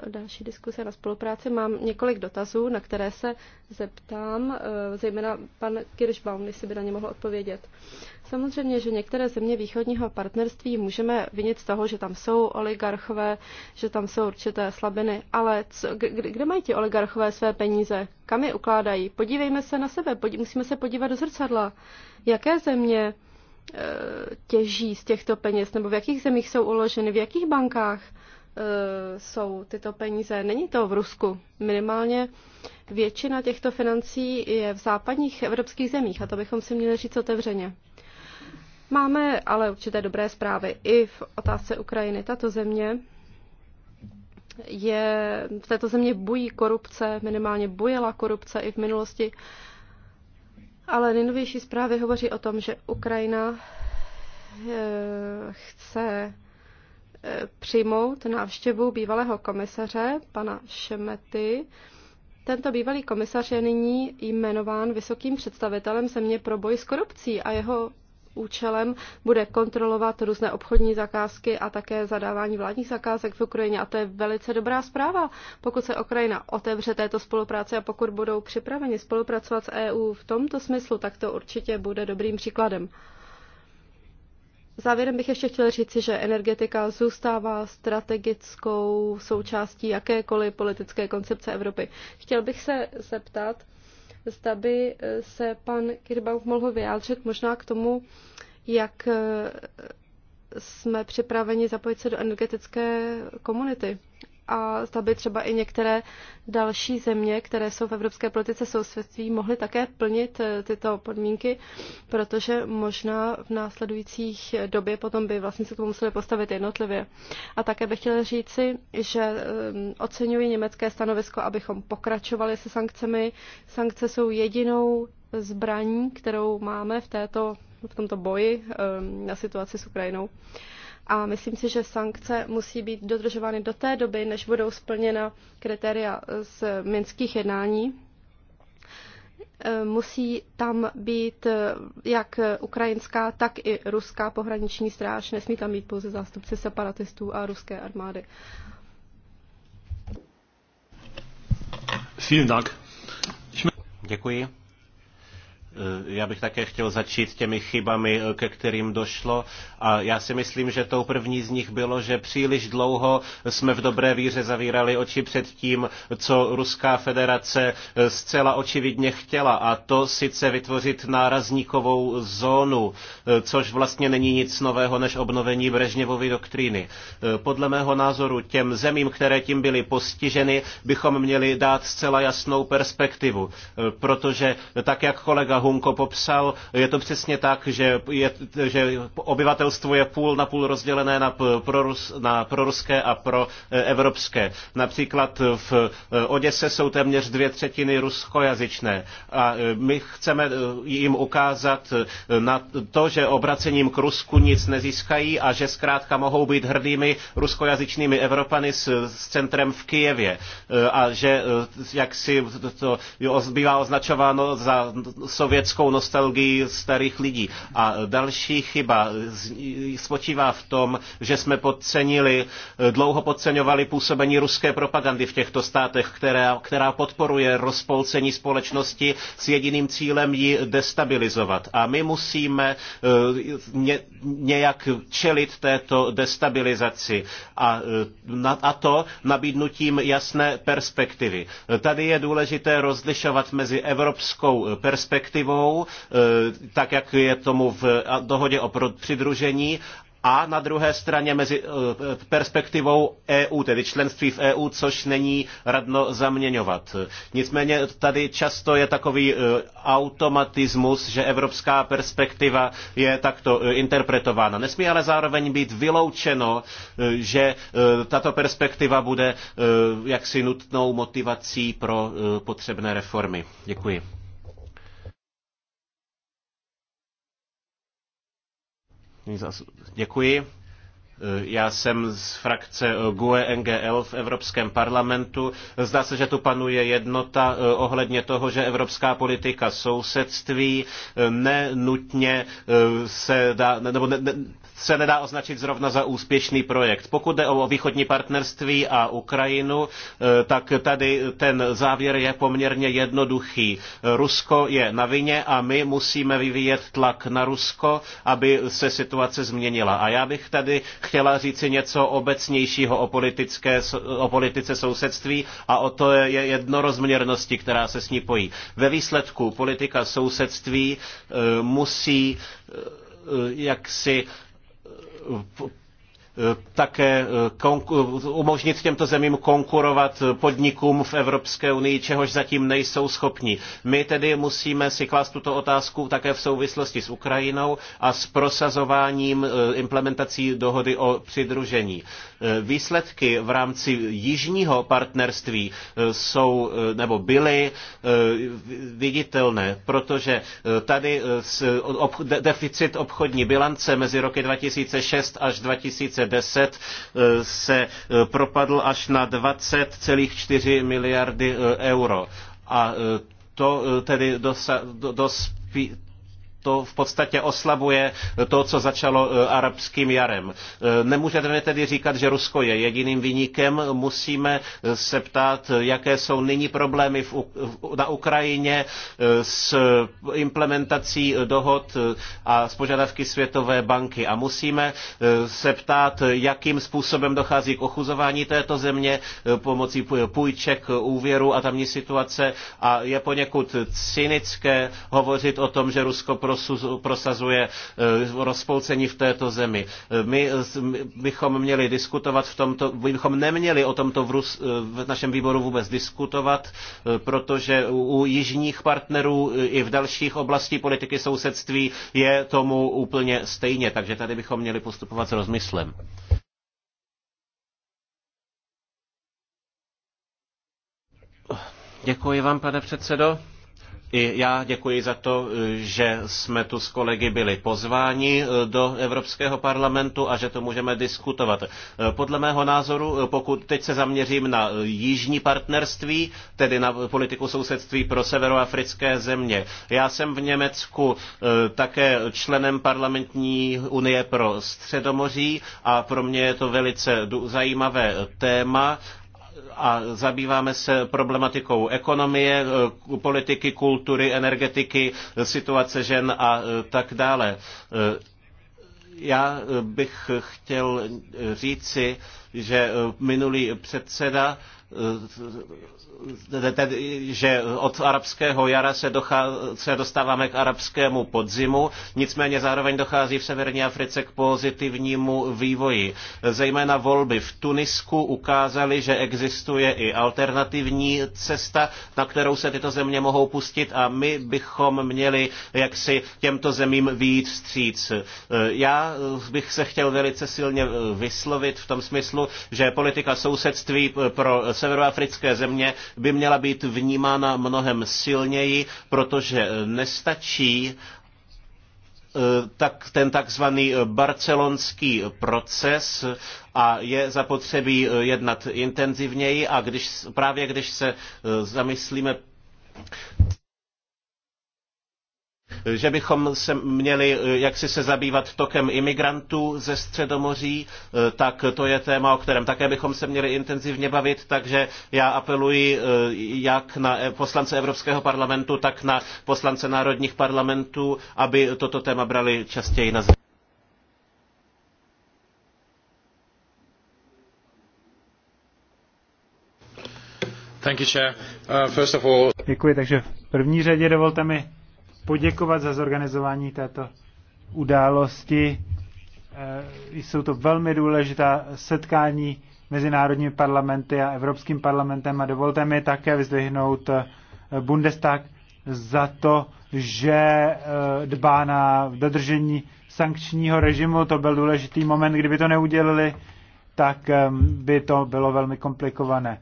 další diskuse, na spolupráci. Mám několik dotazů, na které se zeptám, eh, zejména pan Kirschbaum, jestli by na ně mohl odpovědět. Samozřejmě, že některé země východního partnerství můžeme vinit z toho, že tam jsou oligarchové, že tam jsou určité slabiny, ale co, kde, mají ti oligarchové své peníze? Kam je ukládají? Podívejme se na sebe, podí, musíme se podívat do zrcadla. Jaké země eh, těží z těchto peněz, nebo v jakých zemích jsou uloženy, v jakých bankách? Eh, jsou tyto peníze. Není to v Rusku. Minimálně většina těchto financí je v západních evropských zemích a to bychom si měli říct otevřeně. Máme ale určité dobré zprávy i v otázce Ukrajiny. Tato země je, v této země bují korupce, minimálně bujela korupce i v minulosti. Ale nejnovější zprávy hovoří o tom, že Ukrajina eh, chce Eh, přijmout návštěvu bývalého komisaře, pana Šemety. Tento bývalý komisař je nyní jmenován vysokým představitelem země pro boj s korupcí a jeho účelem bude kontrolovat různé obchodní zakázky a také zadávání vládních zakázek v Ukrajině. A to je velice dobrá zpráva, pokud se Ukrajina otevře této spolupráci a pokud budou připraveni spolupracovat s EU v tomto smyslu, tak to určitě bude dobrým příkladem. Závěrem bych ještě chtěl říci, že energetika zůstává strategickou součástí jakékoliv politické koncepce Evropy. Chtěl bych se zeptat, zda by se pan Kirbank mohl vyjádřit možná k tomu, jak jsme připraveni zapojit se do energetické komunity a zda by třeba i některé další země, které jsou v evropské politice sousvětství, mohly také plnit eh, tyto podmínky, protože možná v následujících době potom by vlastně se k tomu museli postavit jednotlivě. A také bych chtěla říci, že ehm, oceňuji německé stanovisko, abychom pokračovali se sankcemi. Sankce jsou jedinou zbraní, kterou máme v, této, v tomto boji ehm, na situaci s Ukrajinou a myslím si, že sankce musí být dodržovány do té doby, než budou splněna kritéria z minských jednání. E, musí tam být e, jak ukrajinská, tak i ruská pohraniční stráž. Nesmí tam být pouze zástupci separatistů a ruské armády. Vielen Dank. Děkuji. Eh, já bych také chtěl začít těmi chybami, eh, ke kterým došlo. A já si myslím, že tou první z nich bylo, že příliš dlouho jsme v dobré víře zavírali oči před tím, co Ruská federace eh, zcela očividně chtěla. A to sice vytvořit nárazníkovou zónu, což vlastně není nic nového než obnovení Brežněvovy doktríny. Podle mého názoru těm zemím, které tím byly postiženy, bychom měli dát zcela jasnou perspektivu. Protože tak, jak kolega Hunko popsal, je to přesně tak, že, je, že obyvatelstvo je půl na půl rozdělené na, prorus, na proruské a pro e, evropské. Například v e, Oděse jsou téměř dvě třetiny ruskojazyčné a e, my chceme jim ukázat na to, že obracením k Rusku nic nezískají a že zkrátka mohou být hrdými ruskojazyčnými Evropany s, s centrem v Kijevě a že jak si to bývá označováno za sovětské sovětskou nostalgii starých lidí. A další chyba spočívá v tom, že jsme podcenili, dlouho podceňovali působení ruské propagandy v těchto státech, která, která podporuje rozpolcení společnosti s jediným cílem ji destabilizovat. A my musíme eh, ně, nějak čelit této destabilizaci a, eh, a to nabídnutím jasné perspektivy. Tady je důležité rozlišovat mezi evropskou perspektivou legislativou, e, tak jak je tomu v dohodě o přidružení, a na druhé straně mezi e, perspektivou EU, tedy členství v EU, což není radno zaměňovat. Nicméně tady často je takový e, automatismus, že evropská perspektiva je takto interpretována. Nesmí ale zároveň být vyloučeno, že tato perspektiva bude jaksi nutnou motivací pro potřebné reformy. Děkuji. Děkuji. Eh, já jsem z frakce eh, GUE NGL v Evropském parlamentu. Zdá se, že tu panuje jednota eh, ohledně toho, že evropská politika sousedství nenutně se dá, nebo ne, ne, se nedá označit zrovna za úspěšný projekt. Pokud jde o východní partnerství a Ukrajinu, tak tady ten závěr je poměrně jednoduchý. Rusko je na vině a my musíme vyvíjet tlak na Rusko, aby se situace změnila. A já bych tady chtěla říci něco obecnějšího o, politické, o politice sousedství a o to je jednorozměrnosti, která se s ní pojí. Ve výsledku politika sousedství eh, musí eh, jaksi eh, také eh, umožnit těmto zemím konkurovat podnikům v Evropské unii, čehož zatím nejsou schopni. My tedy musíme si klást tuto otázku také v souvislosti s Ukrajinou a s prosazováním eh, implementací dohody o přidružení. Eh, výsledky v rámci jižního partnerství jsou nebo byly viditelné, protože tady deficit obchodní bilance mezi roky 2006 až 2000 deset eh, se eh, propadl až na čtyři miliardy eh, euro. A to tedy dosa, do, dospí, to v podstatě oslabuje to, co začalo e, arabským jarem. E, Nemůžeme tedy říkat, že Rusko je jediným viníkem. musíme e, se ptát, jaké jsou nyní problémy v, na Ukrajině s implementací dohod a s požadavky Světové banky. A musíme se ptát, jakým způsobem dochází k ochuzování této země pomocí půjček, úvěru a tamní situace. A je poněkud cynické hovořit o tom, že Rusko pro prostě prosazuje eh, rozpolcení v této zemi. Eh, eh, my bychom měli diskutovat v tomto, bychom neměli o tomto v, Rus, v našem výboru vůbec diskutovat, protože u jižních partnerů i v dalších oblastí politiky sousedství je tomu úplně stejně, takže tady bychom měli postupovat s rozmyslem. Děkuji vám, pane předsedo. I já děkuji za to, e, že jsme tu s kolegy byli pozváni e, do Evropského parlamentu a že to můžeme diskutovat. E, podle mého názoru, pokud teď se zaměřím na jižní partnerství, tedy na politiku sousedství pro severoafrické země. Já jsem v Německu také členem parlamentní unie pro středomoří a pro mě je to velice zajímavé téma a zabýváme se problematikou ekonomie, eh, politiky, kultury, energetiky, situace žen a eh, tak dále. Eh, já bych chtěl říci, že minulý předseda Eh, eh, že od arabského jara se, se dostáváme k arabskému podzimu, nicméně zároveň dochází v severní Africe k pozitivnímu vývoji. Zejména volby v Tunisku ukázaly, že existuje i alternativní cesta, na kterou se tyto země mohou pustit a my bychom měli jaksi těmto zemím víc stříc. Eh, já bych se chtěl velice silně vyslovit v tom smyslu, že politika sousedství pro severoafrické země by měla být vnímána mnohem silněji, protože nestačí eh, tak ten takzvaný barcelonský proces a je zapotřebí jednat intenzivněji a když, právě když se eh, zamyslíme že bychom se měli eh, jaksi se zabývat tokem imigrantů ze Středomoří, eh, tak to je téma, o kterém také bychom se měli intenzivně bavit, takže já apeluji eh, jak na e, poslance Evropského parlamentu, tak na poslance národních parlamentů, aby toto téma brali častěji na země. Uh, Děkuji, takže v první řadě dovolte mi poděkovat za zorganizování této události. Eh, jsou to velmi důležitá setkání mezinárodními parlamenty a Evropským parlamentem a dovolte mi také vyzdvihnout eh, Bundestag za to, že eh, dbá na dodržení sankčního režimu. To byl důležitý moment, kdyby to neudělali, tak by to bylo velmi komplikované.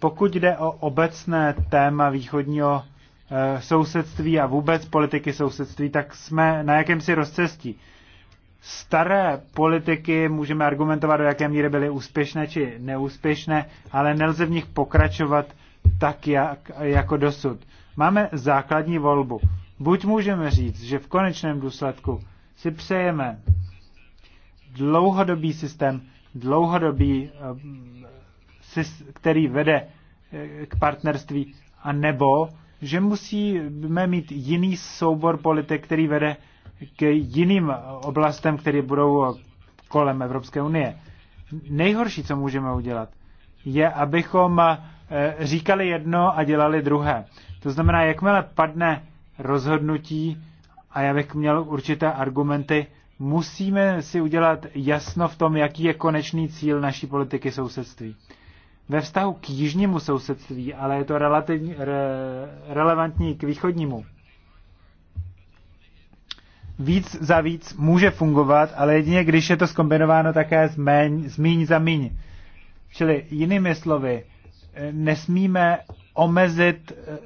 Pokud jde o obecné téma východního Eh, sousedství a vůbec politiky sousedství, tak jsme na jakémsi rozcestí. Staré politiky můžeme argumentovat, do jaké míry byly úspěšné či neúspěšné, ale nelze v nich pokračovat tak, jak, jako dosud. Máme základní volbu. Buď můžeme říct, že v konečném důsledku si přejeme dlouhodobý systém, dlouhodobý, eh, který vede eh, k partnerství, a nebo že musíme mít jiný soubor politik, který vede k jiným oblastem, které budou kolem Evropské unie. Nejhorší, co můžeme udělat, je, abychom eh, říkali jedno a dělali druhé. To znamená, jakmile padne rozhodnutí a já bych měl určité argumenty, musíme si udělat jasno v tom, jaký je konečný cíl naší politiky sousedství ve vztahu k jižnímu sousedství, ale je to relativní, re, relevantní k východnímu. Víc za víc může fungovat, ale jedině když je to skombinováno také s, méň, s míň za míň. Čili jinými slovy, eh, nesmíme omezit, eh,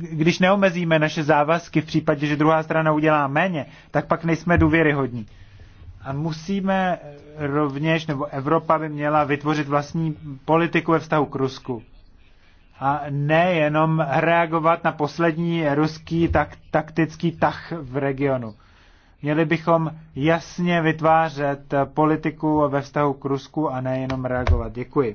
když neomezíme naše závazky v případě, že druhá strana udělá méně, tak pak nejsme důvěryhodní. A musíme rovněž, nebo Evropa by měla vytvořit vlastní politiku ve vztahu k Rusku. A nejenom reagovat na poslední ruský tak, taktický tah v regionu. Měli bychom jasně vytvářet politiku ve vztahu k Rusku a nejenom reagovat. Děkuji.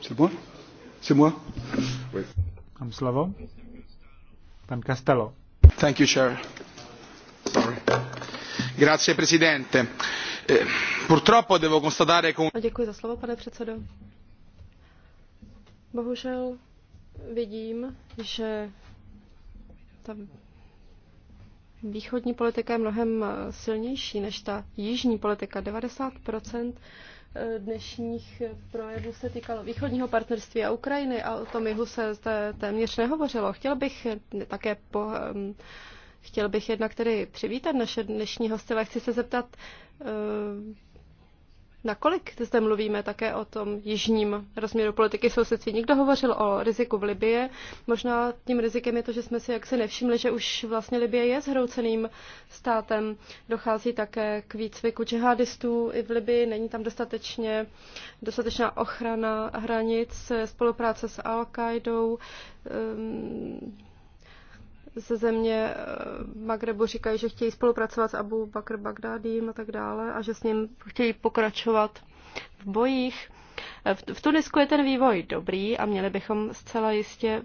C'est moi C'est moi Oui. Mám slovo. Pan Castello. Thank you, Chair. Sorry. Grazie, Presidente. Eh, purtroppo devo constatare con... Děkuji za slovo, pane předsedo. Bohužel vidím, že ta východní politika je mnohem eh, silnější než ta jižní politika. 90 dnešních projevů se týkalo východního partnerství a Ukrajiny a o tom jihu se téměř nehovořilo. Chtěl bych také po, chtěl bych jednak tedy přivítat naše dnešní hosty, ale chci se zeptat, Nakolik zde mluvíme také o tom jižním rozměru politiky sousedství? Někdo hovořil o riziku v Libii. Možná tím rizikem je to, že jsme si jaksi nevšimli, že už vlastně Libie je zhrouceným státem. Dochází také k výcviku džihadistů i v Libii. Není tam dostatečně, dostatečná ochrana hranic, spolupráce s Al-Qaidou. Um, ehm, ze země eh, Magrebu říkají, že chtějí spolupracovat s Abu Bakr Bagdádím a tak dále a že s ním chtějí pokračovat v bojích. Eh, v Tunisku je ten vývoj dobrý a měli bychom zcela jistě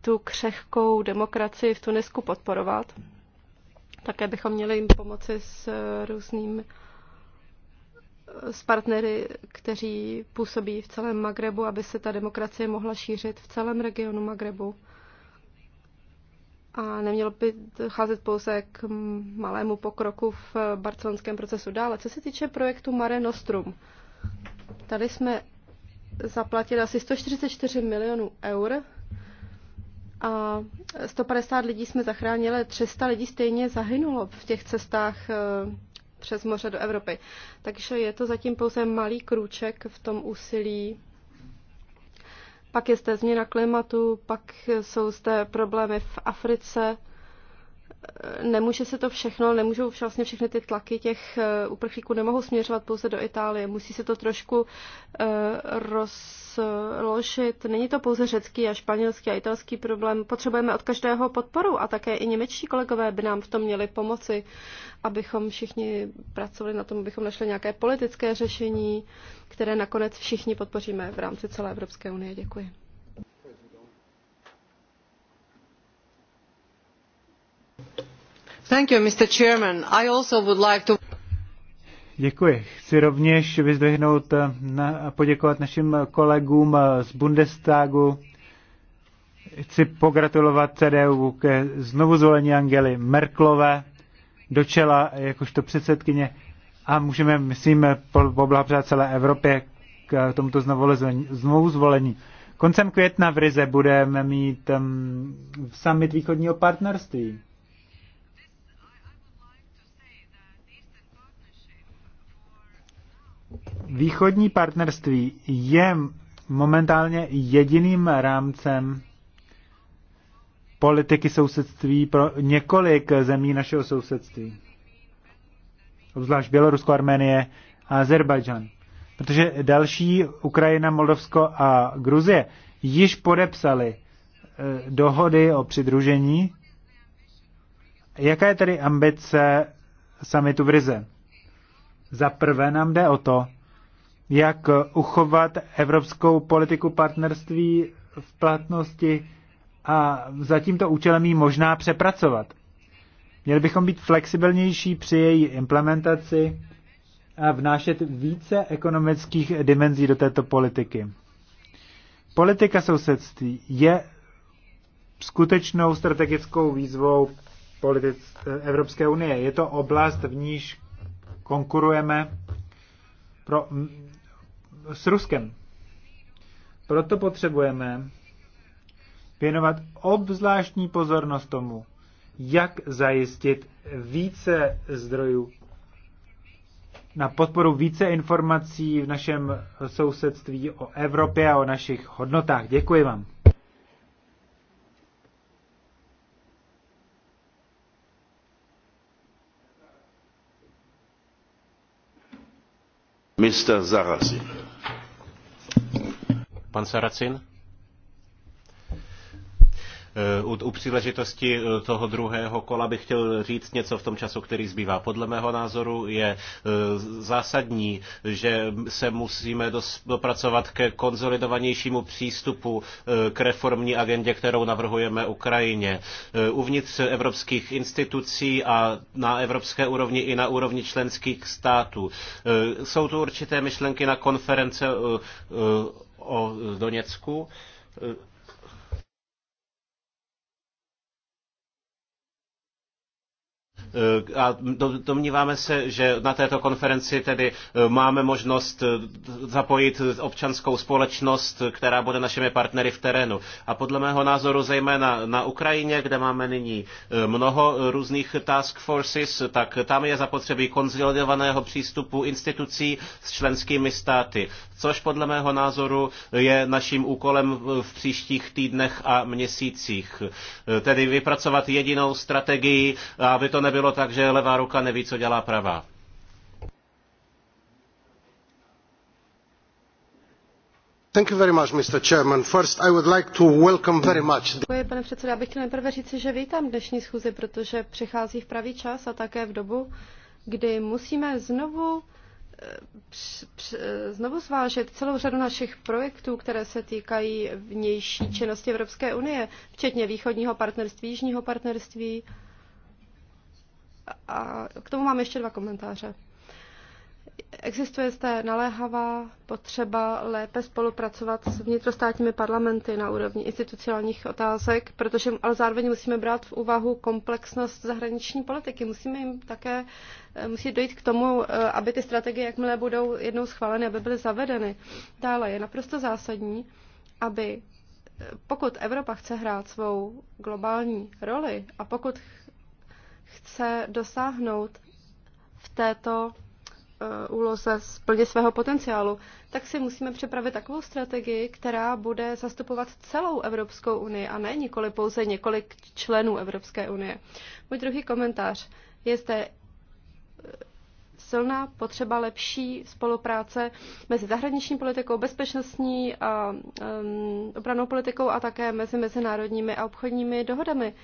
tu křehkou demokracii v Tunisku podporovat. Také bychom měli jim pomoci s eh, různými s partnery, kteří působí v celém Magrebu, aby se ta demokracie mohla šířit v celém regionu Magrebu a nemělo by cházet pouze k malému pokroku v barcelonském procesu. Dále, co se týče projektu Mare Nostrum, tady jsme zaplatili asi 144 milionů eur a 150 lidí jsme zachránili, 300 lidí stejně zahynulo v těch cestách eh, přes moře do Evropy. Takže je to zatím pouze malý krůček v tom úsilí pak je zde změna klimatu, pak jsou zde problémy v Africe, nemůže se to všechno, nemůžou vlastně všechny ty tlaky těch eh, uprchlíků nemohou směřovat pouze do Itálie. Musí se to trošku eh, rozložit. Není to pouze řecký a španělský a italský problém. Potřebujeme od každého podporu a také i němečtí kolegové by nám v tom měli pomoci, abychom všichni pracovali na tom, abychom našli nějaké politické řešení, které nakonec všichni podpoříme v rámci celé Evropské unie. Děkuji. Děkuji. Chci rovněž vyzdvihnout eh, a poděkovat našim kolegům eh, z Bundestagu. Chci pogratulovat CDU ke znovuzvolení Angely Merklové do čela jakožto předsedkyně a můžeme, myslím, poblahopřát celé Evropě k eh, tomuto znovu zvolení. Koncem května v Rize budeme mít um, summit východního partnerství. východní partnerství je momentálně jediným rámcem politiky sousedství pro několik zemí našeho sousedství. Obzvlášť Bělorusko, Arménie a Azerbajdžan. Protože další Ukrajina, Moldovsko a Gruzie již podepsali eh, dohody o přidružení. Jaká je tedy ambice samitu v Rize? Za prvé nám jde o to, jak uchovat evropskou politiku partnerství v platnosti a za tímto účelem ji možná přepracovat. Měli bychom být flexibilnější při její implementaci a vnášet více ekonomických dimenzí do této politiky. Politika sousedství je skutečnou strategickou výzvou politic, eh, Evropské unie. Je to oblast, v níž konkurujeme pro s Ruskem. Proto potřebujeme věnovat obzvláštní pozornost tomu, jak zajistit více zdrojů na podporu více informací v našem sousedství o Evropě a o našich hodnotách. Děkuji vám. Mr. Zarazin. Pan Saracin? Eh, u, u příležitosti eh, toho druhého kola bych chtěl říct něco v tom času, který zbývá. Podle mého názoru je eh, zásadní, že se musíme dopracovat ke konzolidovanějšímu přístupu k reformní agendě, kterou navrhujeme Ukrajině. Uvnitř evropských institucí a na evropské úrovni i na úrovni členských států. Jsou tu určité myšlenky na konference o Doněcku. A domníváme se, že na této konferenci tedy e, máme možnost e, zapojit občanskou společnost, která bude našimi partnery v terénu. A podle mého názoru zejména na Ukrajině, kde máme nyní e, mnoho různých task forces, tak tam je zapotřebí konzolidovaného přístupu institucí s členskými státy což podle mého názoru je naším úkolem v příštích týdnech a měsících. Tedy vypracovat jedinou strategii, aby to nebylo tak, že levá ruka neví, co dělá pravá. Thank you very very much, much. Mr. First, I would like to welcome pane předsedající já bych chtěl nejprve říci že vítám dnešní schůzi protože přichází v pravý čas a také v dobu kdy musíme znovu Eh, eh, znovu zvážit celou řadu našich projektů, které se týkají vnější činnosti Evropské unie, včetně východního partnerství, jižního partnerství. A k tomu mám ještě dva komentáře. Existuje zde naléhavá potřeba lépe spolupracovat s vnitrostátními parlamenty na úrovni institucionálních otázek, protože ale zároveň musíme brát v úvahu komplexnost zahraniční politiky. Musíme jim také, eh, musí dojít k tomu, eh, aby ty strategie, jakmile budou jednou schváleny, aby byly zavedeny. Dále je naprosto zásadní, aby eh, pokud Evropa chce hrát svou globální roli a pokud chce dosáhnout v této Eh, úloze plně svého potenciálu, tak si musíme připravit takovou strategii, která bude zastupovat celou Evropskou unii a ne nikoli pouze několik členů Evropské unie. Můj druhý komentář je zde eh, silná potřeba lepší spolupráce mezi zahraniční politikou, bezpečnostní a um, obranou politikou a také mezi mezinárodními a obchodními dohodami.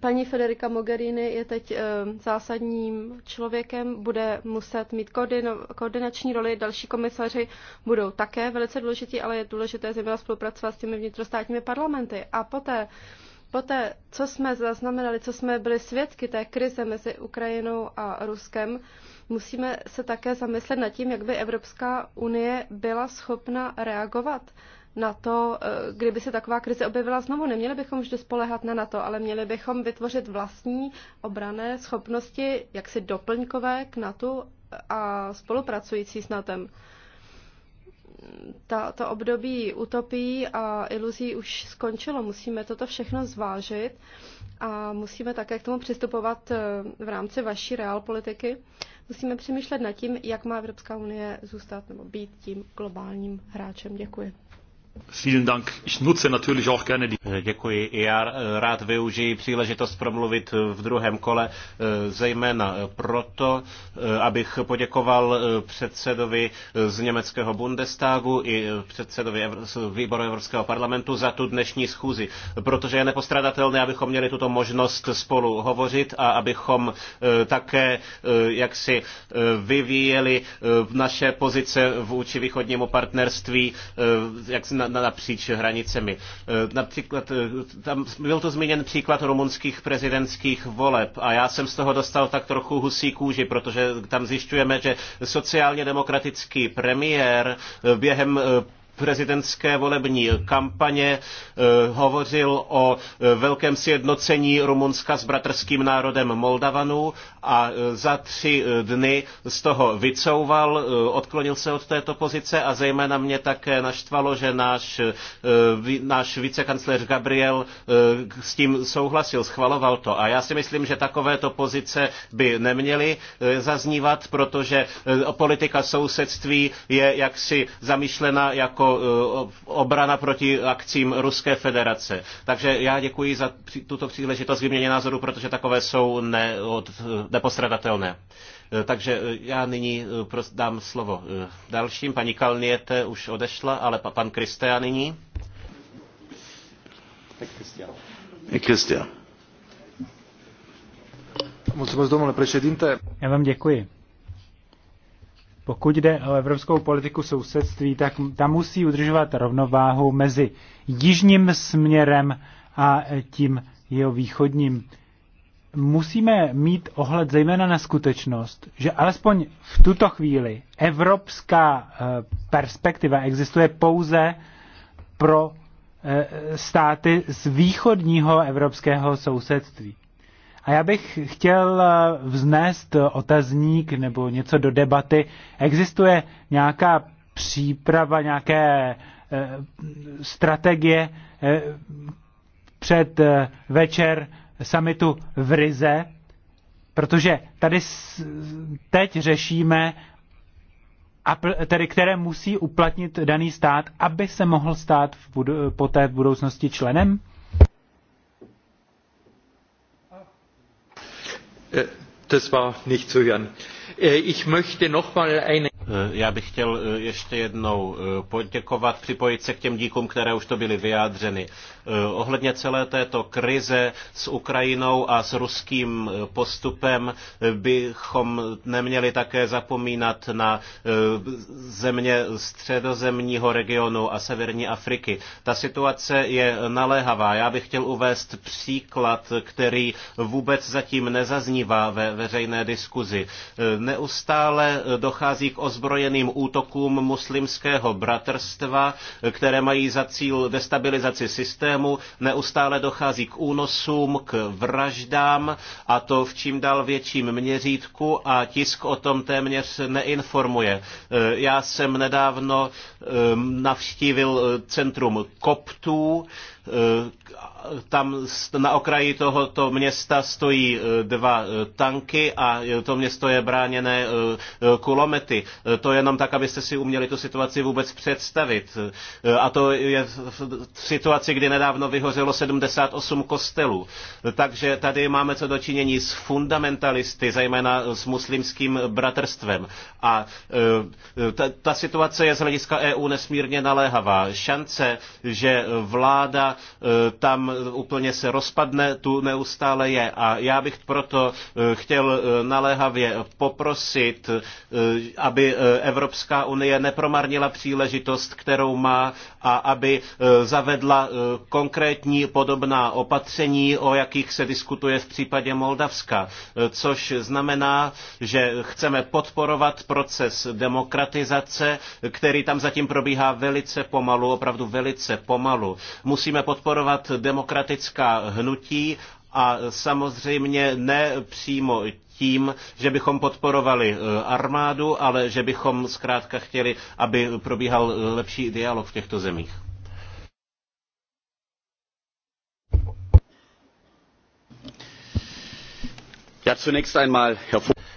Paní Federica Mogherini je teď eh, zásadním člověkem, bude muset mít koordinační roli, další komisaři budou také velice důležití, ale je důležité zejména spolupracovat s těmi vnitrostátními parlamenty. A poté, poté, co jsme zaznamenali, co jsme byli svědky té krize mezi Ukrajinou a Ruskem, musíme se také zamyslet nad tím, jak by Evropská unie byla schopna reagovat na to, eh, kdyby se taková krize objevila znovu. Neměli bychom vždy spolehat na NATO, ale měli bychom vytvořit vlastní obrané schopnosti, jaksi doplňkové k NATO a spolupracující s NATOem. Ta, to období utopií a iluzí už skončilo. Musíme toto všechno zvážit a musíme také k tomu přistupovat eh, v rámci vaší realpolitiky. Musíme přemýšlet nad tím, jak má Evropská unie zůstat nebo být tím globálním hráčem. Děkuji. Vielen Dank. Ich nutze natürlich auch gerne die... Eh, děkuji. Já eh, rád využiji příležitost promluvit eh, v druhém kole, zejména proto, abych poděkoval předsedovi z německého Bundestagu i předsedovi výboru Evropského parlamentu za tu dnešní schůzi, protože je nepostradatelné, abychom měli tuto možnost spolu hovořit a abychom také jaksi vyvíjeli naše pozice vůči východnímu partnerství jak na, na napříč hranicemi. Eh, například, eh, tam byl to zmíněn příklad rumunských prezidentských voleb a já jsem z toho dostal tak trochu husí kůži, protože tam zjišťujeme, že sociálně demokratický premiér eh, během prezidentské volební kampaně eh, hovořil o eh, velkém sjednocení Rumunska s bratrským národem Moldavanů a eh, za tři dny z toho vycouval, odklonil se od této pozice a zejména mě také naštvalo, že náš, náš vicekancléř Gabriel s tím souhlasil, schvaloval to. A já si myslím, že takovéto pozice by neměly zaznívat, protože politika sousedství je jaksi zamýšlena jako Eh, obrana proti akcím Ruské federace. Takže já děkuji za tuto příležitost výměně názoru, protože takové jsou ne, od, nepostradatelné. Eh, takže eh, já nyní dám slovo dalším. Paní Kalniete už odešla, ale pan Kristea nyní. Kristian. Mulțumesc, domnule Já vám děkuji. Pokud jde o evropskou politiku sousedství, tak ta musí udržovat rovnováhu mezi jižním směrem a tím jeho východním. Musíme mít ohled zejména na skutečnost, že alespoň v tuto chvíli evropská eh, perspektiva existuje pouze pro eh, státy z východního evropského sousedství. A já bych chtěl eh, vznést eh, otazník nebo něco do debaty. Existuje nějaká příprava, nějaké eh, strategie před večer samitu v Rize, protože tady teď řešíme, tedy které musí uplatnit daný stát, aby se mohl stát v budu- poté v budoucnosti členem? Äh, das war nicht zu hören. Äh, ich möchte noch einmal einen hinweis machen. Eh, já bych chtěl eh, ještě jednou eh, poděkovat, připojit se k těm díkům, které už to byly vyjádřeny. Ohledně celé této krize s Ukrajinou a s ruským postupem bychom neměli také zapomínat na země středozemního regionu a severní Afriky. Ta situace je naléhavá. Já bych chtěl uvést příklad, který vůbec zatím nezaznívá ve veřejné diskuzi. Neustále dochází k ozbrojení ozbrojeným útokům muslimského bratrstva, které mají za cíl destabilizaci systému. Neustále dochází k únosům, k vraždám a to v čím dál větším měřítku a tisk o tom téměř neinformuje. Eh, já jsem nedávno ehm, navštívil eh, centrum koptů, Eh, tam na okraji tohoto města stojí eh, dva eh, tanky a to město je bráněné kulomety. To jenom tak, abyste si uměli tu situaci vůbec představit. A to je v situaci, kdy nedávno vyhořelo 78 kostelů. Takže tady máme co dočinění s fundamentalisty, zejména s muslimským bratrstvem. A ta, ta situace je z hlediska EU nesmírně naléhavá. Šance, že vláda Eh, tam úplně se rozpadne, tu neustále je. A já bych proto eh, chtěl eh, naléhavě poprosit, aby Evropská unie nepromarnila příležitost, kterou má a aby zavedla konkrétní podobná opatření, o jakých se diskutuje v případě Moldavska, což znamená, že chceme podporovat proces demokratizace, který tam zatím probíhá velice pomalu, opravdu velice pomalu. Musíme podporovat demokratická hnutí a samozřejmě ne přímo tím, že bychom podporovali e, armádu, ale že bychom zkrátka chtěli, aby probíhal lepší dialog v těchto zemích. Ja, zunächst einmal, Herr